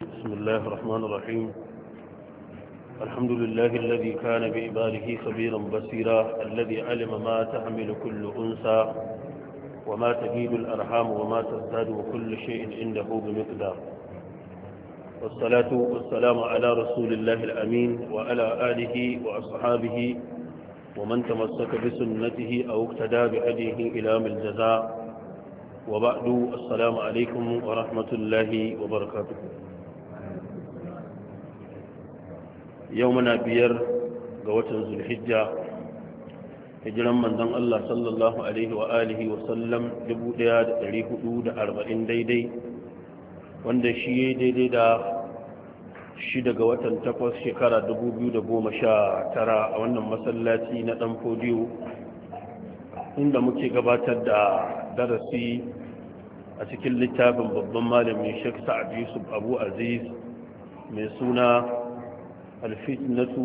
بسم الله الرحمن الرحيم الحمد لله الذي كان بإباله خبيرا بصيرا الذي علم ما تحمل كل أنثى وما تجيد الأرحام وما تزداد وكل شيء عنده بمقدار والصلاة والسلام على رسول الله الأمين وعلى آله وأصحابه ومن تمسك بسنته أو اقتدى بهديه إلى الجزاء وبعد السلام عليكم ورحمة الله وبركاته yau muna biyar ga watan zulhijja hijiran manzan Allah sallallahu alaihi wa alihi wa sallam 1440 daidai wanda shi yayi daidai da shi daga watan takwas shekara 2019 a wannan masallaci na dan fodiyo inda muke gabatar da darasi a cikin littafin babban malamin Sheikh Sa'ad Yusuf Abu Aziz mai suna alfitnatu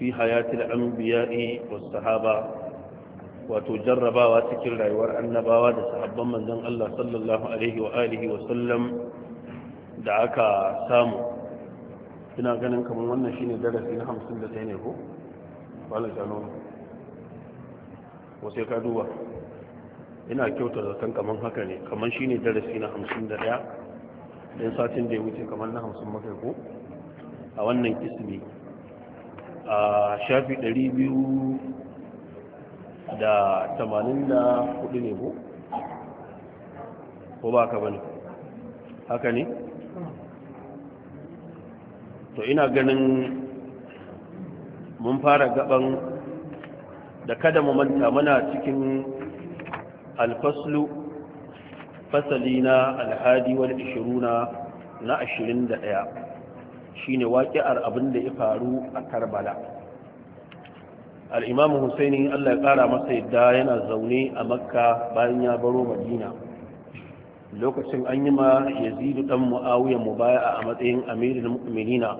fi hayatil anbiya'i was sahaba wato jarrabawa cikin rayuwar annabawa da sahabban manzon Allah sallallahu alaihi wa alihi wa sallam da aka samu ina ganin kamar wannan shine darasi na 51 ne ko wala jano wace ka duba ina kyauta zaton kamar haka ne kamar shine darasi na 51 dan satin da ya wuce kamar na 50 makai ko a wannan ismi a shafi 284 ne ko ko ba ka bane haka ne to ina ganin mun fara gaban da kada mu manta muna cikin alfaslu fasali na alhadi wani 20 na 21 shine waƙi'ar abin da ya faru a karbala al'imamu husaini allah ya ƙara masa yadda yana zaune a makka bayan ya baro madina lokacin an yi ma yazidu ɗan mu'awiyar mu baya a matsayin amirin mu'minina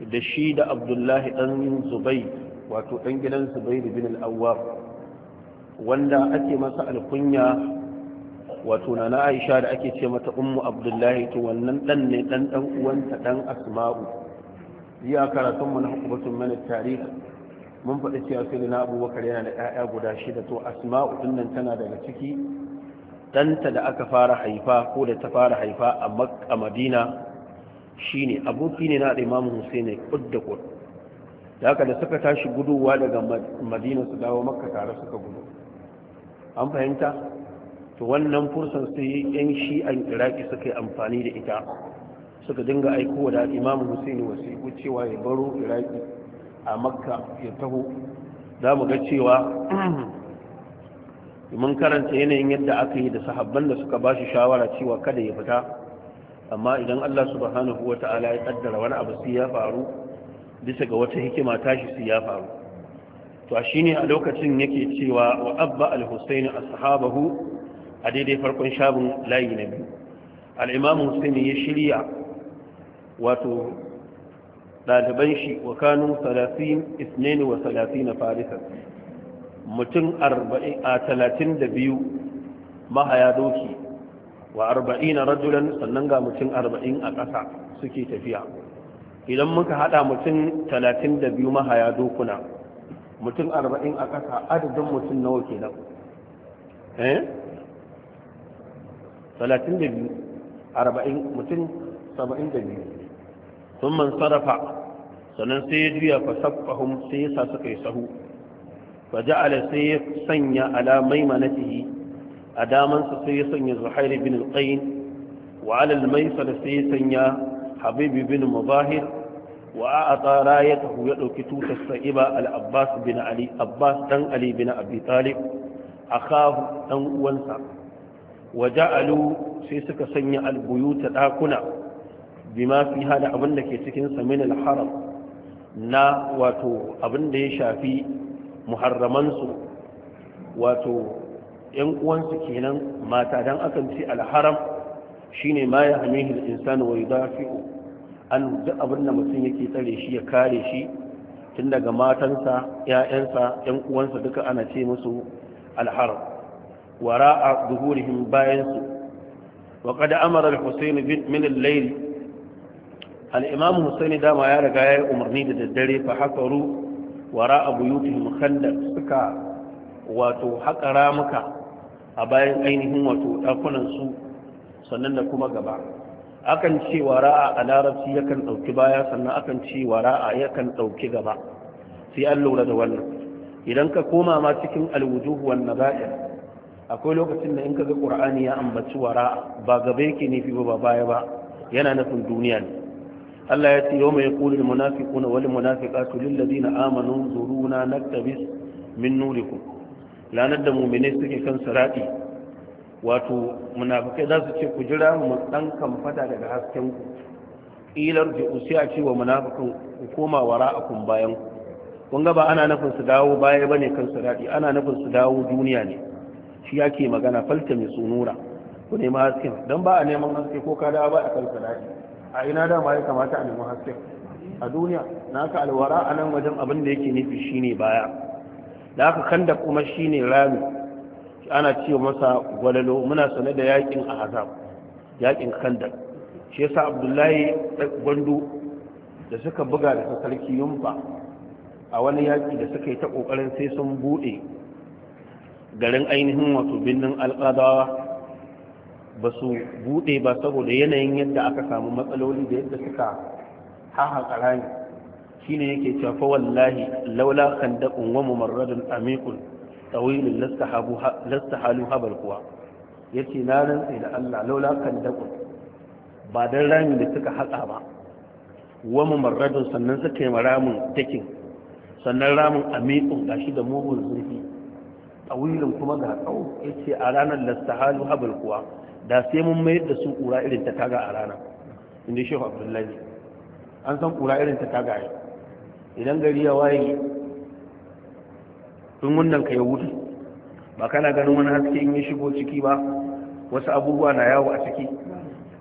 da shi da abdullahi ɗan zubai wato ɗan gidan zubairu bin al'awwar wanda ake masa alkunya wato na na aisha da ake ce mata ummu abdullahi to wannan dan ne dan dan uwanta dan asma'u ya karatun mu na hukumatun mana tarihi mun faɗi cewa sai na abubakar yana da ƴaƴa guda shida to asma'u din nan tana daga ciki danta da aka fara haifa ko da ta fara haifa a makka madina shine aboki ne na da imamu husaini kud da kud da haka da suka tashi guduwa daga madina su dawo makka tare suka gudu an fahimta to wannan fursar sai yan shi'an iraki suka yi amfani da ita suka dinga aiko da imam hussein wasiku cewa ya baro iraki a makka ya taho za mu ga cewa mun karanta yanayin yadda aka yi da sahabban da suka ba shi shawara cewa kada ya fita amma idan allah subhanahu wa ta'ala ya kaddara wani abu sai ya faru bisa ga wata hikima tashi sai ya faru to shine a lokacin yake cewa wa abba al-husaini ashabahu a daidai farkon shabin layi na biyu al'imamu husaini ya shirya wato ɗaliban shi wa kanun salafin isneni wa salatin na farisa mutum a talatin da biyu mahaya doki wa arba'in rajulan sannan ga mutum arba'in a ƙasa suke tafiya idan muka haɗa mutum talatin da biyu mahaya dokuna mutum arba'in a ƙasa adadin mutum nawa kenan eh talatin da biyu arba'in mutum saba'in da biyu sun man sarrafa sannan sai ya juya fa saffahum sai ya sa suka yi sahu fa ja'ala sai ya sanya ala maimanatihi a daman su sai ya sanya zuhair bin al-qayn wa ala al-maisar sai ya sanya habibi bin mubahir wa a'ata rayatahu ya dauki tutar sa'iba al-abbas bin ali abbas dan ali bin abi talib akahu dan uwansa Waje sai suka sanya albuyuta dakuna bima fi hada abin da ke cikin samin alharam na wato abin da ya shafi muharramansu wato yan uwansu kenan mata dan akan ce alharam shine ma ya hamihi insanu wa yudafi'u an duk abin da mutum yake tsare shi ya kare shi tun daga matansa 'ya'yansa yan uwansa duka ana ce musu alharam wara'a zuhurihim bayan su wa qad amara al-husayn min al-layl dama ya riga ya umarni da daddare fa hakaru wara'a buyutihim khandaq suka wato a bayan ainihin wato sannan da kuma gaba akan ce wara'a a larabci yakan ɗauki baya sannan akan ce wara'a yakan ɗauki gaba sai an lura da wannan idan ka koma ma cikin alwujuhu wan nabair akwai lokacin da in ka ga qur'ani ya ambaci wara ba gaba yake nufi ba ba baya ba yana nufin duniya ne Allah ya ce yawma yaqulu lil wani wal munafiqatu lil ladina amanu zuruna naktabis min nurikum lanar da mu'mine suke kan sirati wato munafikai za su ce ku jira mu dan kamfata daga hasken ku ilar ji usiya ce wa munafikan ku koma kun bayan ku kun ga ba ana nufin su dawo baya bane kan sirati ana nufin su dawo duniya ne shi yake magana falta mai sunura ku nema hasken don ba a neman haske ko kada ba a kansa daɗi a ina da ma ya kamata a neman haske? a duniya na ka alwara a nan wajen abin da yake nufi shine baya da aka da kuma shine rami ana ce masa gwalalo muna sane da yakin azab yakin kanda shi yasa abdullahi gwandu da suka buga da sarki yumfa a wani yaki da suka yi ta kokarin sai sun bude garin ainihin wato birnin alƙadawa ba su buɗe ba saboda yanayin yadda aka samu matsaloli da yadda suka hahaƙa rami shine yake cewa wallahi laula kan daɓin wa mumarradun amikun tawilun lastahabu halu habar kuwa Ya ce na rantsi da Allah laula kan daɓin. ba don rami da suka haƙa ba wa mumarradun sannan suka yi ramin dakin sannan ramin amikun gashi da mugun zurfi A wilin kuma ga kawo ya ce a ranar lastahalu habal kuwa da sai mun mayar da su ƙura irin ta taga a rana inda shehu abdullahi an san ƙura irin ta taga ya idan gari ya waye tun wannan ka ya wuce ba kana ganin wani haske in yi shigo ciki ba wasu abubuwa na yawo a ciki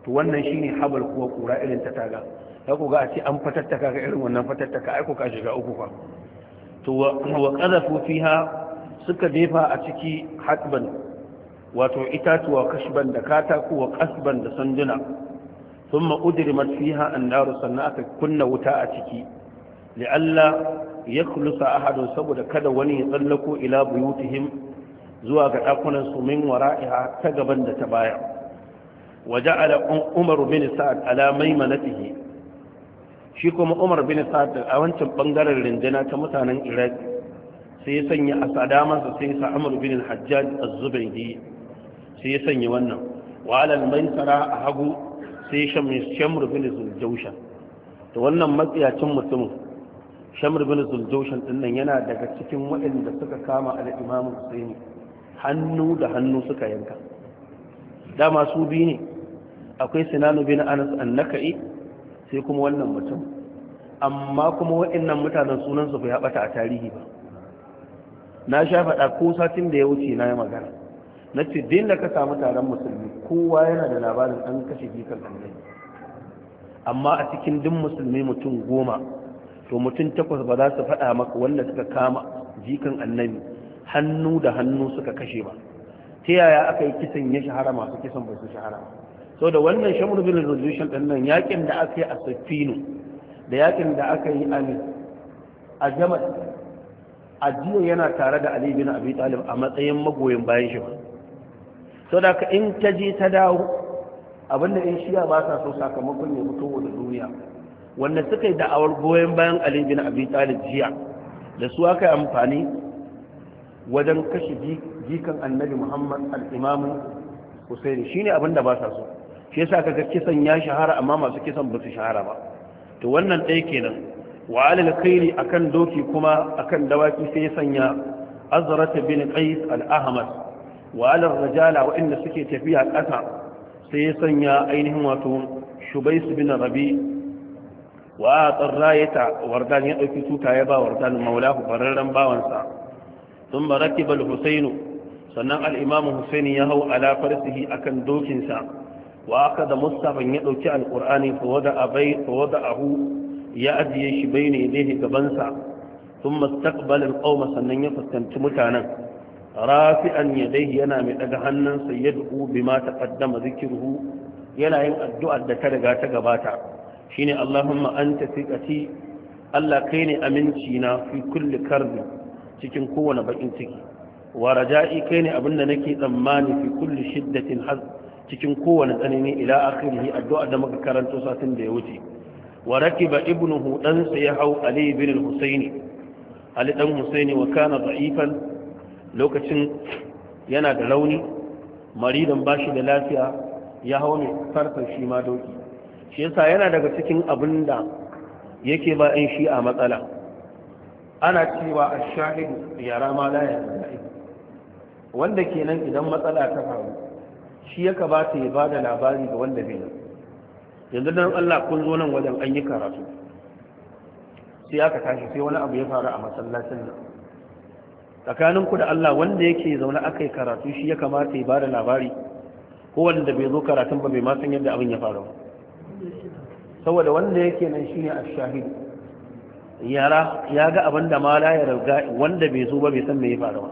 to wannan shi ne habal kuwa ƙura irin ta taga ya ku ga a ce an fatattaka ga irin wannan fatattaka ai ku ka shiga uku fa to wa qadafu fiha suka jefa a ciki hatban wato itatuwa kashban da katako wa kasban da sanduna sun ma'udirimat fiha an daru sannan aka kunna wuta a ciki li'alla ya kulusa hadu saboda kada wani ya tsallako ila buyutihim zuwa ga ɗakunan su min wara'iha ta gaban da ta baya waje ala umar bin sa'ad ala maimanatihi shi kuma umar bin sa'ad a wancan bangaren rinjana ta mutanen iraki sai ya sanya a sadamansa sai ya sa amur bin hajjaj zubin yi sai ya sanya wannan wa alamai tara a hagu sai ya shamni shamr bin zuljaushan to wannan matsiyacin mutumin shamur bin zuljaushan dinnan yana daga cikin waɗanda suka kama al imamun sai hannu da hannu suka yanka dama su biyu ne akwai sinanu bin anas annaka'i sai kuma wannan mutum amma kuma waɗannan mutanen sunansu bai haɓata a tarihi ba na sha faɗa ko satin da ya wuce na yi magana na ce din da ka samu taron musulmi kowa yana da labarin an kashe jikan annabi amma a cikin duk musulmi mutum goma to mutum takwas ba za su faɗa maka wanda suka kama jikan annabi hannu da hannu suka kashe ba ta yaya aka yi kisan ya shahara masu kisan ba su shahara sau da wannan shamur bin resolution ɗin nan yakin da aka yi a safino da yakin da aka yi a jama'a ajiya yana tare da Ali bin Abi Talib a matsayin magoyin bayan shi to da ka in ta je ta dawo abinda in shiya ba sa so sakamakon ya fito da duniya wanda suka yi da'awar goyon bayan Ali bin Abi Talib jiya da su aka yi amfani wajen kashe jikan annabi Muhammad al-Imam Hussein shine abinda ba sa so shi yasa kaga kisan ya shahara amma masu kisan ba su shahara ba to wannan ɗaya kenan wa alal a akan doki kuma akan dawaki sai sanya azrat bin qais al-ahmad wa alal rajala wa inda suke tafiya kasa sai sanya ainihin wato shubais bin rabi wa tsarrayata wardan ya dauki tuta ya ba wardan maulahu bararran bawansa sun barakibal husainu sannan al-imamu husaini ya hau ala farsihi akan dokinsa wa aka da mustafan ya dauki alqur'ani fa wada abai fa ya ajiye shi bai ne zai gabansa sun mastaqbalin ƙauma sannan ya fuskanci mutanen rafi'an ya dai yana mai daga hannunsa ya du'u bi ma taqaddama zikirhu yana yin addu'ar da ta riga ta gabata shine Allahumma anta thiqati Allah kai ne aminci na fi kulli karbi cikin kowane bakin ciki wa raja'i kai ne abinda nake tsammani fi kulli shiddatin cikin kowane tsanani ila akhirih addu'a da muka karanto satin da ya wuce wa rakiba ibnuhu dan sa ya hau ali bin al-husaini ali dan husaini wa kana da'ifan lokacin yana da rauni maridan bashi da lafiya ya hau ne farfar shi ma doki shi yasa yana daga cikin abinda yake ba in shi a matsala ana cewa ash shahid yara ma la ya wanda kenan idan matsala ta faru shi ya kamata ya bada labari ga wanda bai yanzu don Allah kun zo nan wajen an yi karatu sai aka tashi sai wani abu ya faru a masallacin nan tsakanin ku da Allah wanda yake zaune aka yi karatu shi ya kamata ya bada labari ko wanda bai zo karatun ba bai ma san yadda abin ya faru saboda wanda yake nan shine ash-shahid yara ya ga abin da mala ya riga wanda bai zo ba bai san me ya faru ba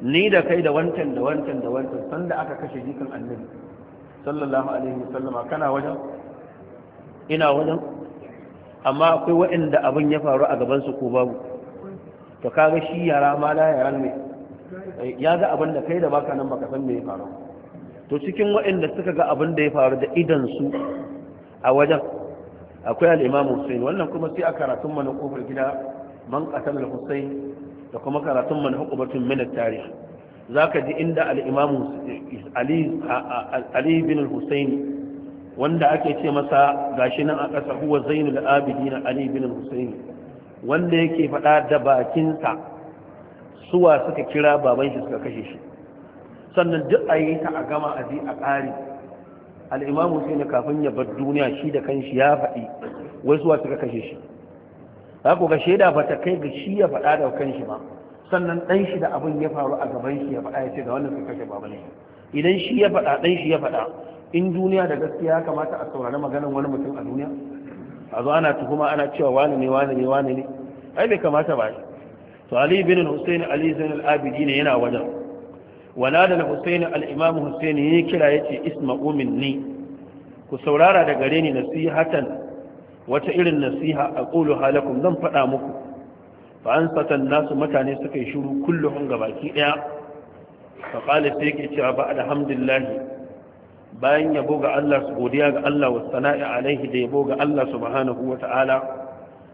ni da kai da wancan da wancan da wancan sanda aka kashe jikan annabi sallallahu alaihi wasallama kana wajen ina wajen amma akwai waɗanda abin ya faru a gabansu ko babu to kaga shi yara ma da yaran ne ya ga abin da kai da baka nan baka san me ya faru to cikin waɗanda suka ga abin da ya faru da idan su a wajen akwai al-Imam Hussein wannan kuma sai a karatun mana kofar gida man qatal al-Hussein da kuma karatun mana hukumatun min at-tarikh zaka ji inda al-Imam Ali Ali bin al-Hussein wanda ake ce masa gashi nan a ƙasa huwa zainul abidin ali bin husayn wanda yake faɗa da bakinsa suwa suka kira baban shi suka kashe shi sannan duk a yi ta a gama a je a ƙari al'imamu sai na kafin ya bar duniya shi da kanshi ya faɗi wai suwa suka kashe shi za ku ga shaida ba ta kai ga shi ya faɗa da kanshi ba sannan ɗan shi da abin ya faru a gaban shi ya faɗa ya ce ga wannan suka kashe baban shi idan shi ya faɗa ɗan shi ya faɗa in duniya da gaskiya kamata a saurari maganar wani mutum a duniya a zo ana tuhuma ana cewa wani ne wani ne wani ne ai bai kamata ba to ali bin husayn ali zain al-abidi ne yana wajen wanada al-husayn al-imam husayn ne kira yace isma'u ni? ku saurara da gare ni nasihatan wata irin nasiha aqulu halakum zan fada muku fa ansatan nasu mutane suka yi shiru kulluhun gabaki daya fa qala sai yake cewa ba alhamdulillah bayan yabo ga Allah su godiya ga Allah wa sana'i alaihi da yabo ga Allah subhanahu wa ta'ala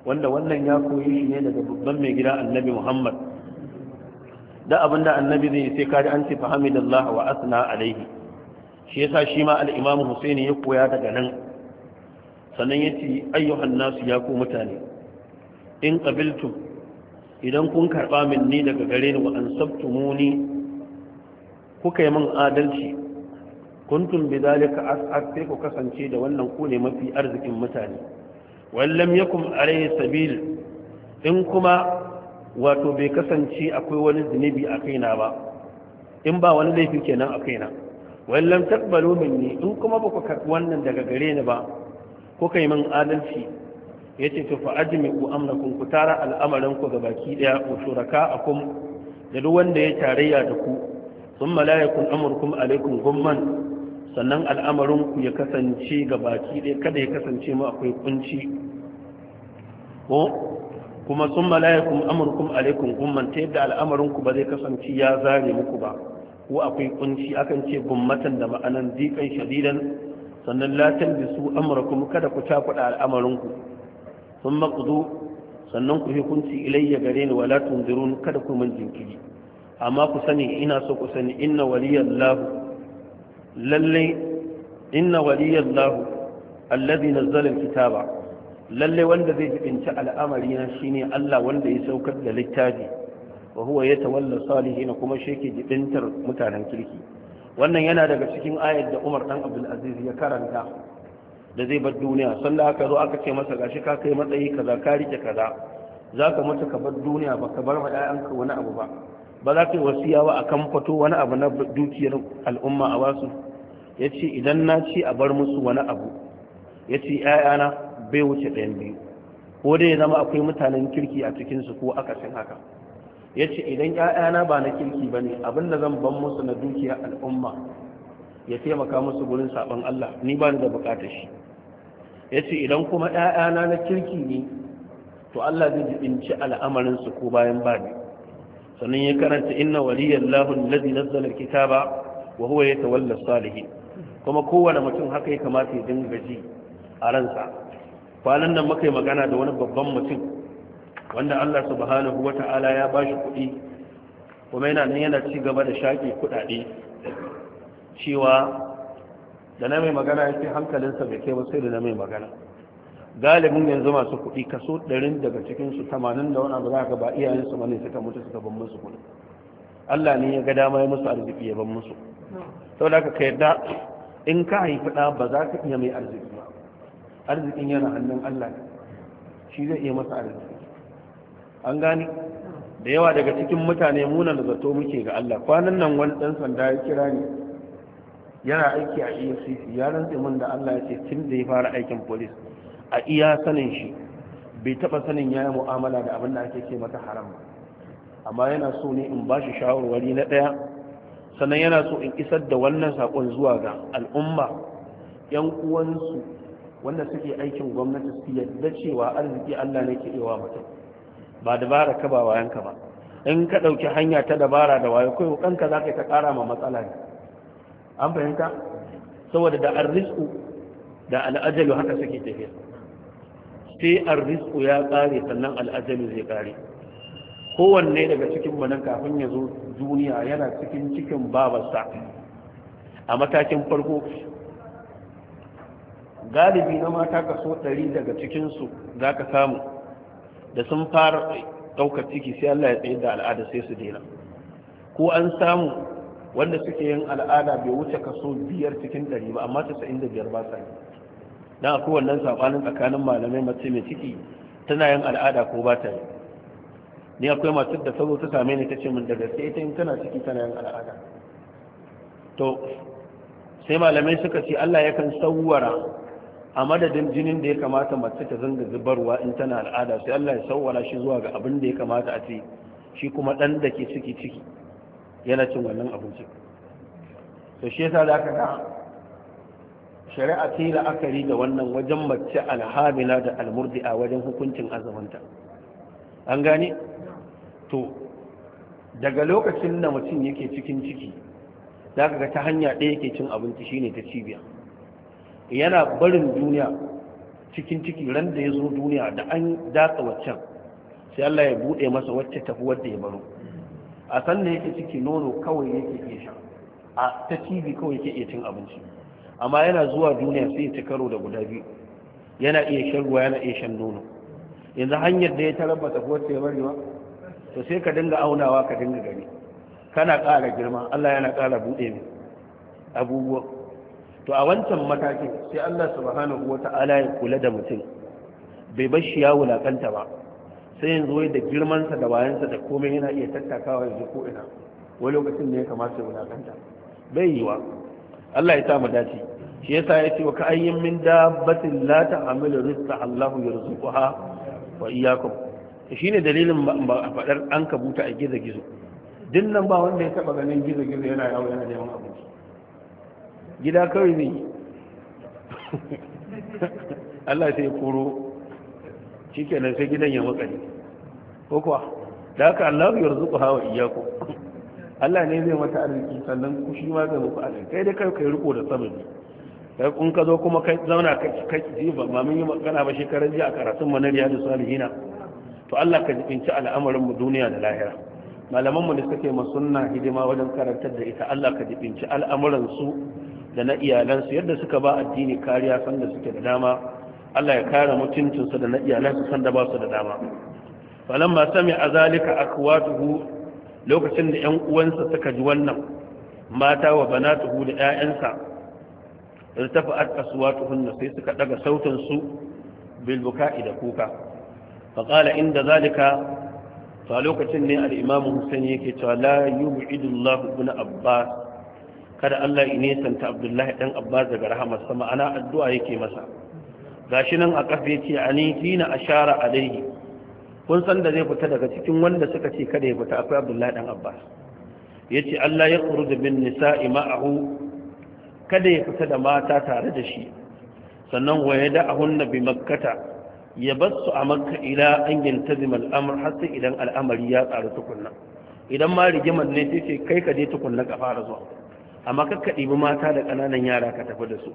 wanda wannan ya koyi shi ne daga babban mai gida annabi Muhammad da abinda annabi zai sai kaji an ce fa hamidallah wa asna alaihi shi yasa shi ma al-Imam Husaini ya koya daga nan sannan yace ayyuhan nasu ya ku mutane in qabiltum idan kun karba minni daga gare ni wa ansabtumuni kuka yi min adalci kuntum bidhalika as'ad sai ku kasance da wannan ku ne mafi arzikin mutane wallam yakum alayhi sabil in kuma wato bai kasance akwai wani zunubi a kaina ba in ba wani laifi kenan a kaina wallam taqbalu minni in kuma ba ku karɓi wannan daga gare ni ba ko kai min adalci yace to fa ajmi ku amrakum ku tara al'amarin ku ga baki daya ku shuraka akum da duk wanda ya tarayya da ku thumma la amurkum amrukum alaikum gumman sannan al'amarinku ya kasance ga baki ɗaya kada ya kasance ma akwai kunci ko kuma sun malayakun amurkun alaikun gumman ta yadda al'amarinku ba zai kasance ya zare muku ba ko akwai kunci akan ce gummatan da ma'anan zikan shadidan sannan latin da su kuma kada ku al'amarin al'amarinku sun makudu sannan ku hukunci ilayya gare ni wala zirun kada ku man jinkiri amma ku sani ina so ku sani inna waliyallahu lalle inna waliyallahu allazi nazzala kitaba. lalle wanda zai jibinci al'amari na shine Allah wanda ya saukar da littafi wa huwa salihi na kuma shi yake jibintar mutanen kirki wannan yana daga cikin ayar da Umar dan abdul'aziz ya karanta da zai bar duniya Sannan aka zo aka ce masa gashi ka kai matsayi kaza ka rike kaza zaka mutu ka bar duniya baka bar ma ɗayanka wani abu ba ba za ka yi wasiya ba akan fato wani abu na dukiyar al'umma a wasu ya ce idan na ci a bar musu wani abu ya ce ‘ya'yana bai wuce ɗayan biyu ko dai zama akwai mutanen kirki a cikinsu ko akasin haka ya ce idan ‘ya'yana ba na kirki ba ne abinda zan ban musu na dukiya al'umma ya taimaka musu gurin saɓon Allah ni ba ni da bukata shi ya ce idan kuma ‘ya'yana na kirki ne to Allah zai jibinci al'amarinsu ko bayan ba ne sannan ya karanta inna lahun lazi nazzalar kitaba, wa huwa yatawalla salihin kuma kowane mutum haka ya kamata ya dinga ji a ransa kwanan nan muka yi magana da wani babban mutum wanda Allah subhanahu ta'ala ya bashi kuɗi kuma yana nan yana ci gaba da shaƙe kuɗaɗe cewa da na mai magana ya ce hankalinsa bai kai ba sai da na mai magana galibin yanzu masu kuɗi kaso ɗarin daga cikinsu tamanin da wani abu za ka ba iyayensu mane suka mutu suka ban musu kuɗi Allah ne ya ga dama ya musu arziki ya ban musu sau da ka da. in ka haifi ɗa ba za ka iya mai arziki ba arzikin yana hannun Allah shi zai iya masa arziki an gane da yawa daga cikin mutane muna da zato muke ga Allah kwanan nan wani dan sanda ya kira ni yana aiki a EFCC ya rantse min da Allah ya ce tun da ya fara aikin police a iya sanin shi bai taba sanin ya mu'amala da abin da ake ce mata haram ba amma yana so ne in ba shi shawarwari na ɗaya sannan yana so in isar da wannan sakon zuwa ga al'umma yan uwansu wanda suke aikin gwamnati su yadda cewa arziki Allah ne ke yawa mutum ba dabara ka ba wayanka ba in ka ɗauki hanya ta dabara da wayo kai kanka za ka ta ƙara ma matsala ne an fahimta saboda da arrisku da al'ajalu haka suke tafiya sai arrisku ya ƙare sannan al'ajalu zai ƙare kowanne daga cikin manan kafin ya zo duniya yana cikin cikin babarsa a matakin farko galibi na mata kaso ɗari daga cikinsu za ka samu da sun fara ɗaukar ciki sai Allah ya tsaye da al'ada sai su daina ko an samu wanda suke yin al'ada bai wuce kaso biyar cikin ɗari ba amma tasa'in da biyar ba sa yi don akwai wannan sabanin tsakanin malamai mace mai ciki tana yin al'ada ko ba ta yi ni akwai masu da sauro ta same ni ta ce min da gaske ita in tana ciki tana yin al'ada to sai malamai suka ce Allah ya kan sauwara a madadin jinin da ya kamata mace ta zanga zubarwa in tana al'ada sai Allah ya sawwara shi zuwa ga abin da ya kamata a ce shi kuma dan da ke ciki ciki yana cin wannan abinci to shi yasa zaka ga shari'a ce la'akari da wannan wajen mace alhamila da almurdi a wajen hukuncin azabanta? an gane to daga lokacin da mutum yake cikin ciki za ka ga ta hanya ɗaya yake cin abinci shine ta cibiya yana barin duniya cikin ciki ran da ya zo duniya da an datsa waccan sai Allah ya buɗe masa wacce tafi wadda ya baro a san da yake ciki nono kawai yake iya sha a ta cibi kawai yake iya cin abinci amma yana zuwa duniya sai ya ci karo da guda biyu yana iya shan ruwa yana iya shan nono yanzu hanyar da ya tarabba tafi wacce ya barewa to sai ka dinga aunawa ka dinga gani kana ƙara girma Allah yana ƙara buɗe ne abubuwa to a wancan matakin sai Allah subhanahu wata'ala ya kula da mutum bai bar shi ya wulakanta ba sai yanzu wai da girmansa da wayansa da komai yana iya tattakawa yanzu ko ina wani lokacin ne ya kamata ya wulakanta bai yiwa Allah ya sa mu dace shi yasa ya ce wa ka ayyin min dabbatin la ta'amilu rizqa Allahu yarzuquha wa iyyakum shine dalilin ba a faɗar an kabuta a gizo-gizo dinnan ba wanda ya taɓa ganin gizo-gizo yana yawo yana neman abu gida kawai ne allah sai koro shikenan sai gidan ya makare ko kuwa da haka allah ya zuku hawa iyako allah ne zai mata arziki sannan ku shi ma zai muku arziki kai dai kai kai riko da sama kai kun ka zo kuma kai zauna kai kai ba mun yi magana ba shekarar jiya a karatun manariya da salihina to Allah ka jibinci al'amuranmu mu duniya da lahira malaman mu da suke ma hidima wajen karantar da ita Allah ka jibinci al'amuransu da na iyalansu yadda suka ba addini kariya sanda suke da dama Allah ya kare mutuncinsu da na iyalansu sanda ba su da dama falamma sami a zalika akwatuhu lokacin da 'yan uwansa suka ji wannan mata wa tuhu da 'ya'yansa, da tafi at aswatuhunna sai suka daga sautin su bil da kuka faƙala inda zalika to a lokacin ne al'imam hussein yake cewa la yi bu'idullahu ibn abbas kada allah ine santa abdullahi ɗan abbas daga rahamar sama ana addu'a yake masa gashi nan a ce, yace ni hina ashara alaihi kun san da zai fita daga cikin wanda suka ce kada ya fita akwai abdullahi dan abbas yace allah ya khuruj bin nisa'i ma'ahu kada ya fita da mata tare da shi sannan waya da'ahunna bi makkata ya bar su a makka ila an yantazim al'amur har sai idan al'amari ya tsara tukunna idan ma rigimar ne sai ce kai ka je tukunna ka fara zuwa amma kakka ɗibi mata da ƙananan yara ka tafi da su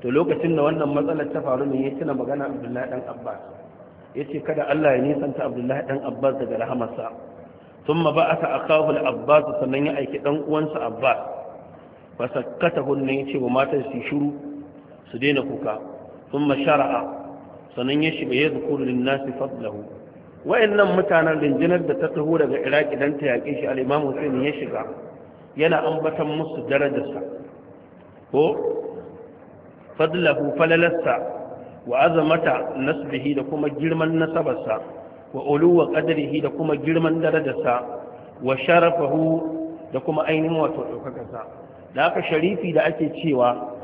to lokacin da wannan matsalar ta faru ne ya tuna magana abdullahi ɗan abbas ya ce kada allah ya nisanta abdullahi ɗan abbas daga rahamarsa sun ma ba a ta'akahu abbas sannan ya aiki ɗan uwansa abbas ba sakkata hunne ya ce wa matar su shiru su daina kuka sun ma shara'a sannan ya shiga ya zukuru linnasi fadlahu wa'annan mutanen rinjinar da ta taho daga iraki dan ta yaƙe shi al-imam hussein ya shiga yana ambatan musu darajarsa ko fadlahu falalarsa wa azamata nasbihi da kuma girman nasabarsa wa uluwa qadrihi da kuma girman darajarsa wa sharafahu da kuma ainihin wato ɗaukakarsa da aka sharifi da ake cewa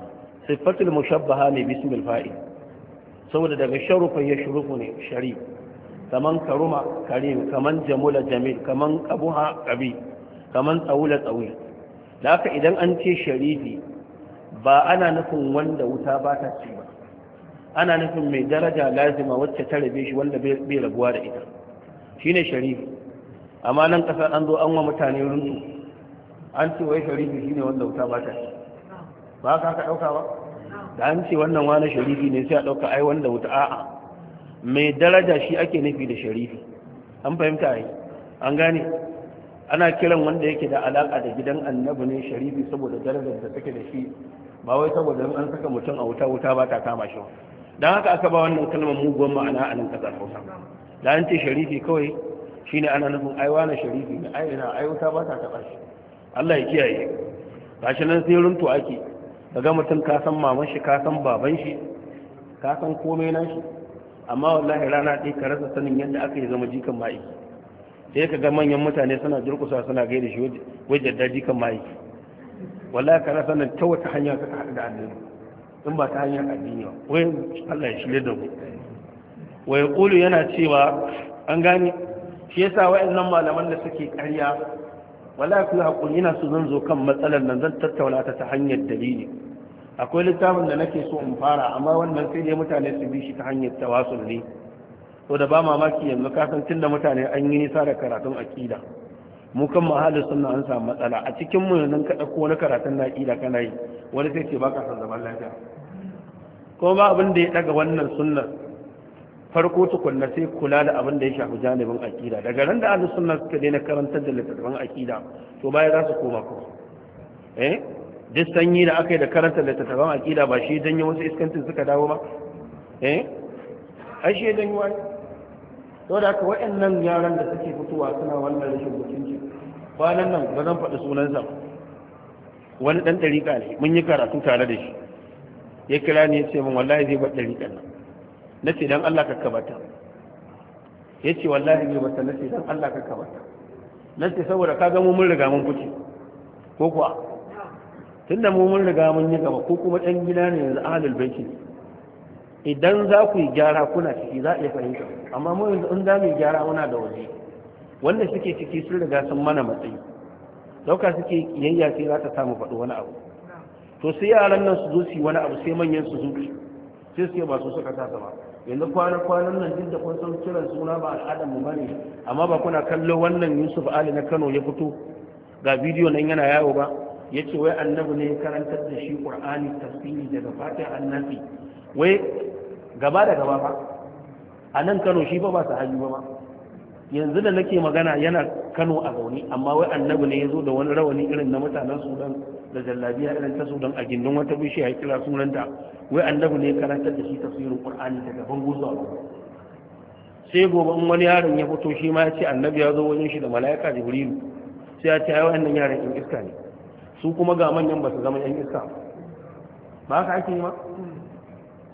sifatul mushabbaha ne bismil fa'il saboda daga sharufa ya shurufu ne sharif kaman karuma karim kaman jamula jamil kaman kabuha kabi kaman tsawula tsawula da haka idan an ce sharifi ba ana nufin wanda wuta ba ta ce ba ana nufin mai daraja lazima wacce ta rabe shi wanda bai rabuwa da ita shi ne sharifi amma nan kasar an zo an wa mutane runtu an ce wai sharifi ne wanda wuta ba ta ce ba ka ka ɗauka ba da an ce wannan wani sharifi ne sai a ɗauka ai wanda wuta a'a mai daraja shi ake nufi da sharifi an fahimta ai an gane ana kiran wanda yake da alaƙa da gidan annabi ne sharifi saboda darajar da take da shi ba wai saboda an saka mutum a wuta wuta ba ta kama shi dan haka aka ba wannan kalmar muguwan ma'ana a nan kasar hausa da an ce sharifi kawai shine ana nufin ai wani sharifi ne ai ina ai wuta ba ta taɓa shi Allah ya kiyaye gashi nan sai runtu ake Ka ga mutum ka san maman shi ka san baban shi ka san komai nan shi amma wallahi rana ɗaya ka rasa sanin yadda aka yi zama jikan ma'i sai ka ga manyan mutane suna durkusa suna gaida shi wajen da jikan ma'i wallahi ka rasa nan ta wata hanya ka haɗu da annabi in ba ta hanyar addini ba wai Allah ya shirye da mu wai ƙulu yana cewa an gane shi yasa wa'annan malaman da suke ƙarya wala ku hakuri ina so zan zo kan matsalar nan zan tattauna ta ta hanyar dalili akwai littafin da nake so in fara amma wannan sai dai mutane su bi shi ta hanyar tawasul ne to da ba mamaki yanzu kasan tun da mutane an yi nisa da karatun aƙida. mu kan mahalli sunna an samu matsala a cikin mu nan ka dauko wani karatun na akida kana yi wani sai ce baka san zaman lafiya ko ba abin da ya daga wannan sunnar farko tukunna sai kula da abin da ya shafi janibin aƙida daga ran da ahlus sunna suka daina karantar da littattafan aƙida to baya za su koma ko eh duk sanyi da aka yi da karanta littattafan aƙida ba shi janyo wasu iskantin suka dawo ba eh ai shi janyo ai to da ka waɗannan yaran da suke fitowa suna wannan rashin mutunci kwanan nan ba zan faɗi sunansa wani ɗan ɗari ne mun yi karatu tare da shi ya kira ni ya ce min wallahi zai bar ɗariƙan nan nace dan Allah ka kabata yace wallahi ne bata na ce Allah ka kabata na ce saboda ka mu mun riga mun kuce ko kuwa tun da mun riga mun yi gaba ko kuma ɗan gida ne yanzu ahlul baiti idan za ku yi gyara kuna ciki za a iya fahimta amma mu yanzu in za mu yi gyara muna da waje wanda suke ciki sun riga sun mana matsayi dauka suke yayya sai za ta samu faɗo wani abu to sai yaran nan su zo su yi wani abu sai manyan su zo sai su yi masu suka ta ba yanzu kwanan-kwanan nan duk da kun san kiran suna ba al'adar mu bane amma ba kuna kallo wannan Yusuf Ali na Kano ya fito ga bidiyo nan yana yawo ba yace wai annabi ne ya karantar da shi Qur'ani tafsiri daga fatin annabi wai gaba da gaba ba a nan Kano shi ba ba su ba ba yanzu da nake magana yana Kano a gauni amma wai annabi ne ya zo da wani rawani irin na mutanen Sudan da jallabiya irin ta Sudan a gindin wata bishiya ya kira sunanta wai annabi ne karanta da shi tafsirin qur'ani daga bango zuwa bango sai gobe in wani yaron ya fito shi ma ya ce annabi ya zo wajen shi da mala'ika jibrilu sai ya ce ai wannan yaran yan iska ne su kuma ga manyan ba su zama yan iska ba haka ake ma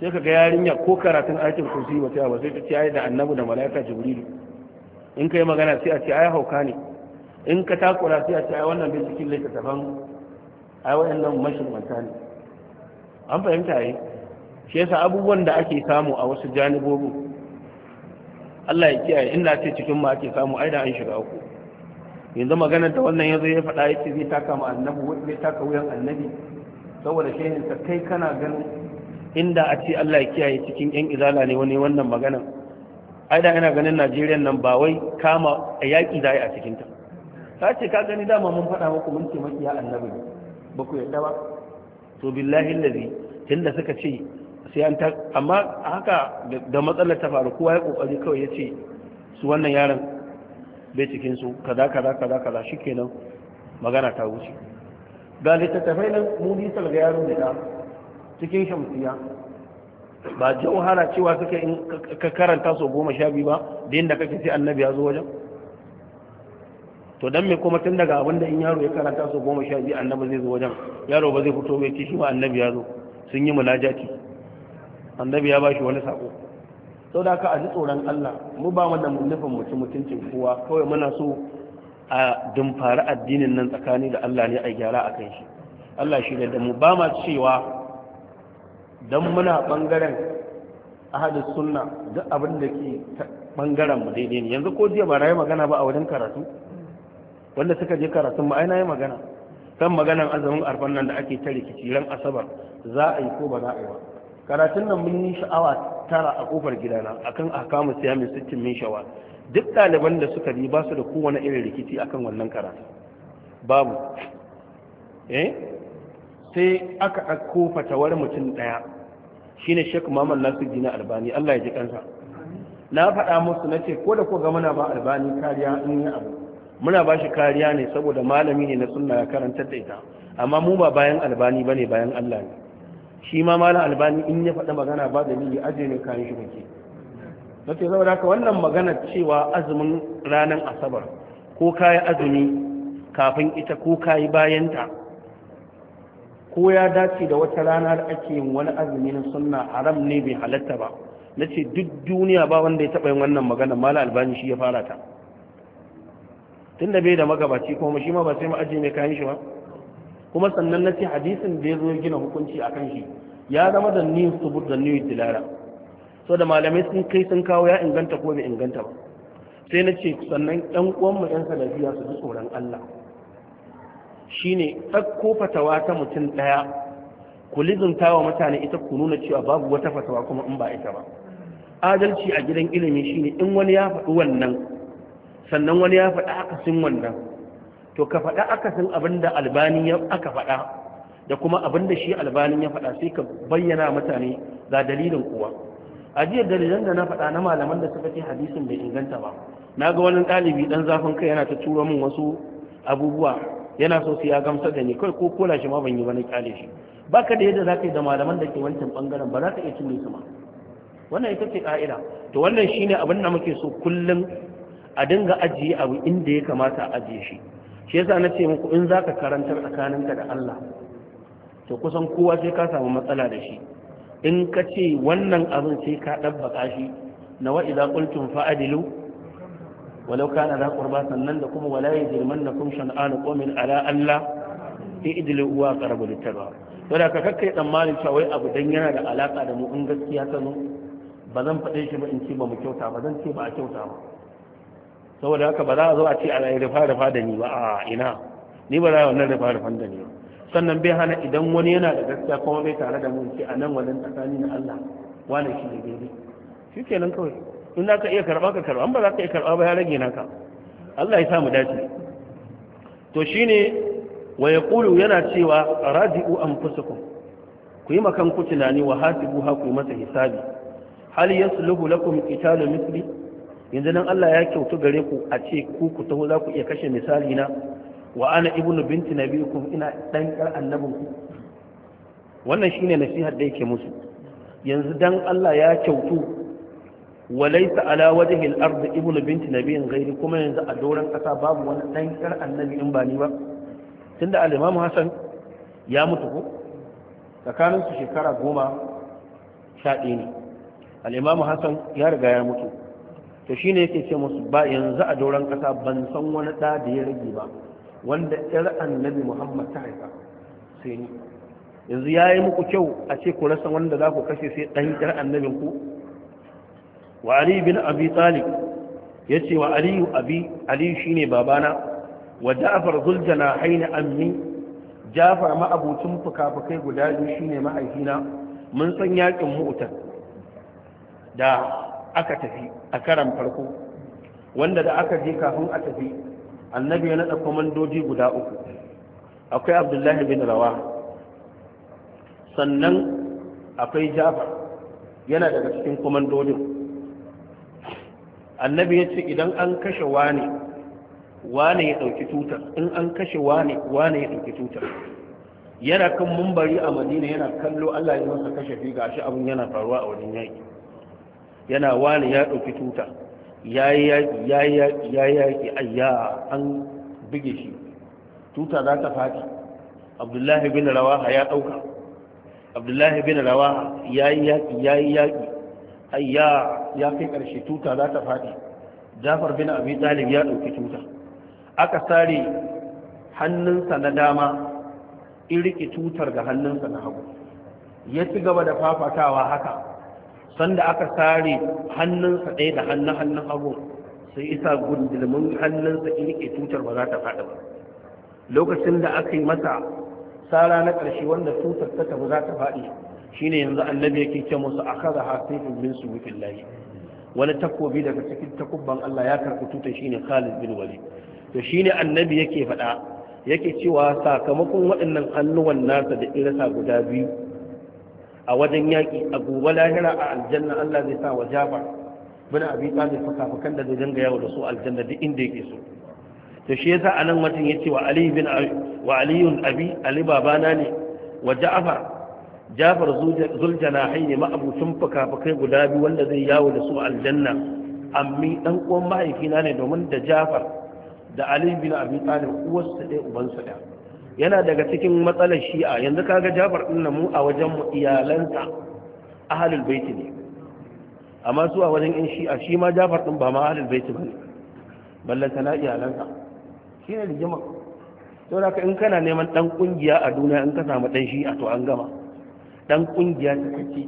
sai ka ga yarinya ko karatun aikin kursi ba ta ba sai ta ce ai da annabi da mala'ika jibrilu in kai magana sai a ce ai hauka ne in ka takura sai a ce ai wannan bincikin laifin daban ai wayannan mashirmanta ne an fahimta yi shi yasa abubuwan da ake samu a wasu janibobi Allah ya kiyaye inda ce cikin mu ake samu aida an shiga uku yanzu magana da wannan yazo ya faɗa yake zai taka ma annabi zai taka wuyan annabi saboda shi ne kai kana ganin inda a ce Allah ya kiyaye cikin yan izala ne wani wannan magana aida ina ganin Najeriya nan ba wai kama yaƙi da a cikin ta ta ce ka gani dama mun faɗa muku mun ce maki ya annabi ba ku yarda ba to billahi allazi tunda suka ce sai an ta amma haka da matsalar ta faru kowa ya kokari kawai ya ce su wannan yaron bai cikin su kaza kaza kaza kaza shikenan magana ta wuce ga littattafai nan mu nisan ga yaro da cikin shamsiya ba jauhara cewa suka in ka karanta so goma sha biyu ba da yadda kake sai annabi ya zo wajen to dan me kuma tun daga abinda in yaro ya karanta so goma sha biyu annabi zai zo wajen yaro ba zai fito bai ci shi ma annabi ya zo sun yi munajati annabi ya bashi wani sako sau da aka a ji tsoron Allah mu ba mu da nufin mutum mutuncin kowa kawai muna so a dumfari addinin nan tsakani da Allah ne a gyara a kan shi Allah shi da mu ba ma cewa don muna ɓangaren ahadis sunna duk abin da ke ɓangaren mu daidai ne yanzu ko jiya ba na yi magana ba a wajen karatu wanda suka je karatun ma aina yi magana kan maganan azumin arfan nan da ake ta rikici ran asabar za a yi ko ba za a yi ba karatun nan mun yi sha'awa tara a kofar gidana akan ahkamu siyamin sittin min shawa duk ɗaliban da suka yi ba su da kowane irin rikici akan wannan karatu babu eh sai aka ɗauko fatawar mutum ɗaya shine mamman Muhammad Nasiruddin Albani Allah ya ji kansa na faɗa musu na ce ko da ko gama muna ba Albani kariya in yi abu muna ba shi kariya ne saboda malami ne na sunna ya karantar da ita amma mu ba bayan Albani ba ne bayan Allah ne shi ma malam albani in ya faɗa magana ba da ajiye azumin kayan shi na ce saboda haka wannan magana cewa azumin ranar asabar ko kayi azumi kafin ita ko kayi bayanta ko ya dace da wata rana da ake yin wani azumi na suna haram ne bai halatta ba Na ce duk duniya ba wanda ya taɓa yin wannan magana malam albani shi ya fara ta tunda bai da magabaci kuma shi ma ba sai mu ajiye kayan shi ba kuma sannan na ce hadisin da ya zo gina hukunci a kan shi ya zama da ni subut da ni dilala so da malamai sun kai sun kawo ya inganta ko bai inganta ba sai na ce sannan yan uwan mu yan salafiya su ji tsoron Allah shine ɗakko fatawa ta mutum ɗaya ku lizinta wa mutane ita ku nuna cewa babu wata fatawa kuma in ba ita ba adalci a gidan ilimi shine in wani ya faɗi wannan sannan wani ya faɗi akasin wannan to ka faɗa akasin abin da albani ya aka faɗa da kuma abin da shi albani ya faɗa sai ka bayyana mutane ga dalilin kuwa a jiya dalilan da na faɗa na malaman da suka ce hadisin bai inganta ba na ga wani ɗalibi ɗan zafin kai yana ta turo min wasu abubuwa yana so su ya gamsar da ni kai ko kola shi ma ban yi wani ƙyale shi baka da yadda za ka yi da malaman da ke wancan ɓangaren ba za ka iya cinye su ma wannan ita ce ƙa'ida to wannan shine abin da muke so kullum a dinga ajiye abu inda ya kamata a ajiye shi shi yasa na ce muku in zaka karantar tsakaninka da Allah to kusan kowa sai ka samu matsala da shi in ka ce wannan abin sai ka ɗabbaka shi na wa idza fa'adilu walau kana za qurba sannan da kuma wala yajrimannakum shan'an qawmin ala alla i'dilu wa qarabu littaba to da ka kai-kai tsammanin cewa wai abu dan yana da alaka da mu in gaskiya sanu ba zan faɗe shi ba in ce ba mu kyauta ba zan ce ba a kyauta ba saboda haka ba za a zo a ce a yi rufa-rufa da ni ba a ina ni ba za a wannan rufa rufa da ni ba sannan bai hana idan wani yana da gaskiya kuma bai tare da mun ce a nan wajen tsakani na Allah wani shi ne daidai shi ke nan kawai in za ka iya karɓa ka karɓa ba za ka iya karɓa ba ya rage naka Allah ya sa mu dace to ne wa yaqulu yana cewa a an fusukun ku yi makan ku tunani wa hasibu ha ku masa hisabi Hali hal yasluhu lakum qitalu mithli yanzu nan Allah ya kyautu gare ku a ce ku ku taho za ku iya kashe misali na wa ana ibnu binti nabiyikum ina dan kar annabin ku wannan shine nasihar da yake musu yanzu dan Allah ya kyautu walaysa ala wajhi al-ard ibnu binti nabiyin ghairi kuma yanzu a doran kasa babu wani dan kar annabi in ba ni ba tunda al-imam Hassan ya mutu ko tsakanin su shekara goma sha ɗaya ne al-imam Hassan ya riga ya mutu to ne yake ce musu ba yanzu a doron kasa ban san wani da da ya rage ba wanda ƴar annabi Muhammad ta haifa sai ni yanzu yi muku kyau a ce ku rasa wanda za ku kashe sai ɗan yar annabin ku wa Ali bin Abi Talib ce wa Aliyu abi Ali shine babana wa Ja'far haini ammi Ja'far maabucin fuka-fukai guda biyu shine ma'aikina mun san yaƙin mu'utar da aka tafi a karan farko wanda da aka je kafin a tafi annabi ya naɗa komandoji guda uku akwai abdullahi bin rawa sannan akwai jafar yana daga cikin komandojin annabi ya ce idan an kashe wane wane ya ɗauki tutar in an kashe wane wane ya ɗauki tutar yana kan mumbari a madina yana kallo allah ya masa kashe fi gashi abin yana faruwa a wajen yaƙi yana wani ya ɗauki tuta ya yi yaƙi ya yaƙi an bige shi tuta za ta fati abdullahi bin rawaha ya ɗauka abdullahi bin rawaha ya yi yaƙi ya yi yaƙi ya kai ƙarshe tuta za ta fati jafar bin abi talib ya ɗauki tuta aka sare hannunsa na dama in riƙe tutar ga hannunsa na hagu ya ci gaba da fafatawa haka sanda aka sare hannunsa ɗaya da hannun hannun hagu sai isa gundulmin hannunsa in yake tutar ba za ta faɗi ba lokacin da aka yi masa sara na ƙarshe wanda tutar ta tafi za ta faɗi shine yanzu annabi yake ce musu a kaza ha sai min su wufin layi wani takobi daga cikin takubban Allah ya karɓi tutar shine Khalid bin Walid to shine annabi yake faɗa yake cewa sakamakon waɗannan hannuwan nasa da irasa guda biyu a wajen yaƙi a gobe lahira a aljanna Allah zai sa wa jaba bin abi talib fukafukan da zai danga yawo da su aljanna duk inda yake so to shi yasa anan watan yace wa ali bin wa aliyun abi ali babana ne wa ja'far jafar zuljanahai ne ma'abucin fuka-fukai guda biyu wanda zai yawo da su aljanna ammi dan uwan mahaifina ne domin da jafar da ali bin abi talib uwarsa ɗaya ubansa ɗaya yana daga cikin matsalar shi'a yanzu kaga jafar ɗin mu a wajen iyalansa halin baiti ne amma su a wajen in shi'a shi ma jafar ɗin ba ma halin baiti ba ne ballanta na iyalansa shi ne rigima to da ka in kana neman ɗan ƙungiya a duniya in ka samu ɗan shi'a to an gama ɗan ƙungiya ta kake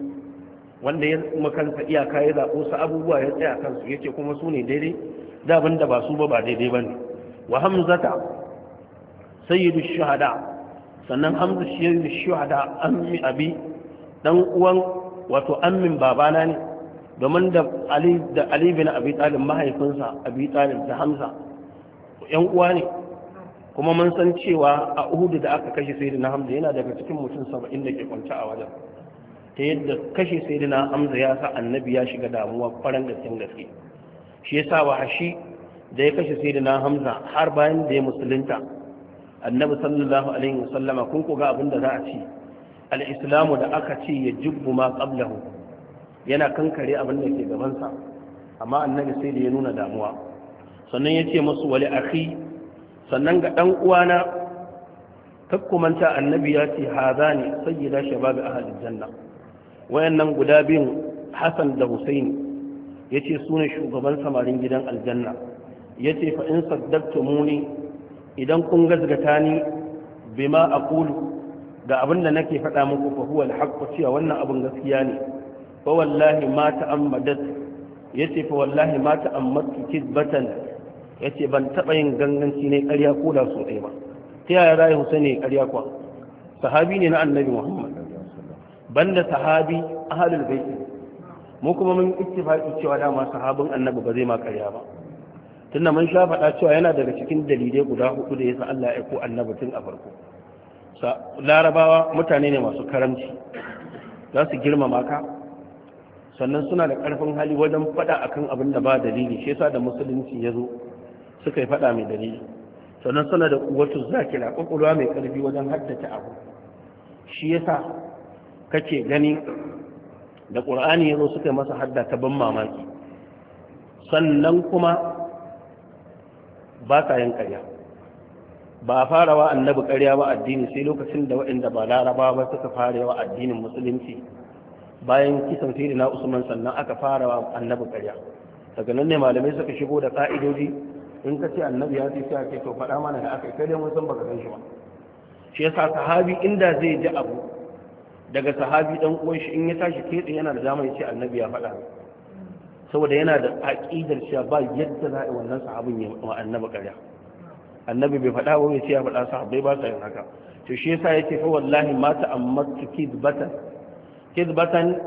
wanda ya kansa iyaka ya zaɓo su abubuwa ya tsaya kansu ya ce kuma su ne daidai da abin da ba su ba ba daidai ba ne wa hamzata sayyidu shuhada sannan hamzu sayyidu shuhada ammi abi dan uwan wato ammin babana ne domin da ali da ali bin abi talib mahaifinsa abi talib da hamza yan uwa ne kuma mun san cewa a uhud da aka kashe sayyidina hamza yana daga cikin mutum 70 da ke kwance a wajen ta yadda kashe sayyidina hamza ya sa annabi ya shiga damuwa kwaran gaskiyar gaske shi yasa wa hashi da ya kashe sayyidina hamza har bayan da ya musulunta annabi sallallahu alaihi wasallama kun ku ga abin da za a ci al-islamu da aka ce ya jubbu ma qablahu yana kankare abin da ke gabansa amma annabi sai da ya nuna damuwa sannan ya ce musu wali akhi sannan ga dan uwana kakkumanta annabi ya ce haza ne sayyida shabab ahlil janna wayannan guda biyun hasan da husaini yace sune shugaban samarin gidan aljanna yace fa in saddaqtumuni idan kun gazgata ni bima a Kulu da abin da nake faɗa muku fa huwa al cewa wannan abin gaskiya ne fa wallahi ma ta'ammadat yace fa wallahi ma ta'ammatu kizbatan yace ban taba yin ganganci ne ƙarya ko da su ɗaya ba ta yaya rayi husaini ƙarya kwa sahabi ne na annabi muhammad banda sahabi ahlul bait mu kuma mun ittifaqi cewa ma sahabin annabi ba zai ma ƙarya ba tunda mun sha faɗa cewa yana daga cikin dalilai guda hudu da yasa Allah ya ko annabi a farko larabawa mutane ne masu karamci za su girmama ka sannan suna da ƙarfin hali wajen faɗa akan abin da ba dalili shi yasa da musulunci ya zo suka yi faɗa mai dalili sannan suna da kuwatu zakira ƙwaƙwalwa mai ƙarfi wajen haddace abu shi yasa kake gani da ƙur'ani ya zo suka yi masa hadda ta ban mamaki sannan kuma ba sa yin karya ba a fara wa annabi ƙarya ba addini sai lokacin da waɗanda ba laraba ba suka fara wa addinin musulunci bayan kisan sai na usman sannan aka fara wa annabi ƙarya daga nan ne malamai suka shigo da ƙa'idoji in ka ce annabi ya ce sai ake to faɗa mana da aka kai mun san baka san shi ba shi yasa sahabi inda zai ji abu daga sahabi dan uwan shi in ya tashi ketsi yana da zama ya ce annabi ya faɗa saboda yana da aqidar cewa ba yadda za a wannan sahabin ya wa annabi ƙarya annabi bai faɗa ba ce ya faɗa sahabai ba sa yin haka to shi yasa yake fa wallahi ma ta'ammattu kizbatan kizbatan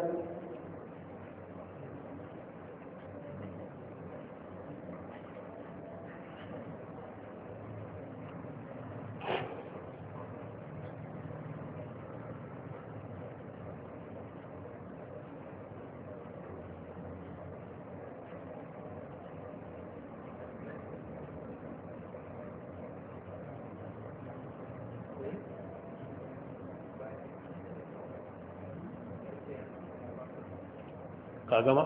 ka gama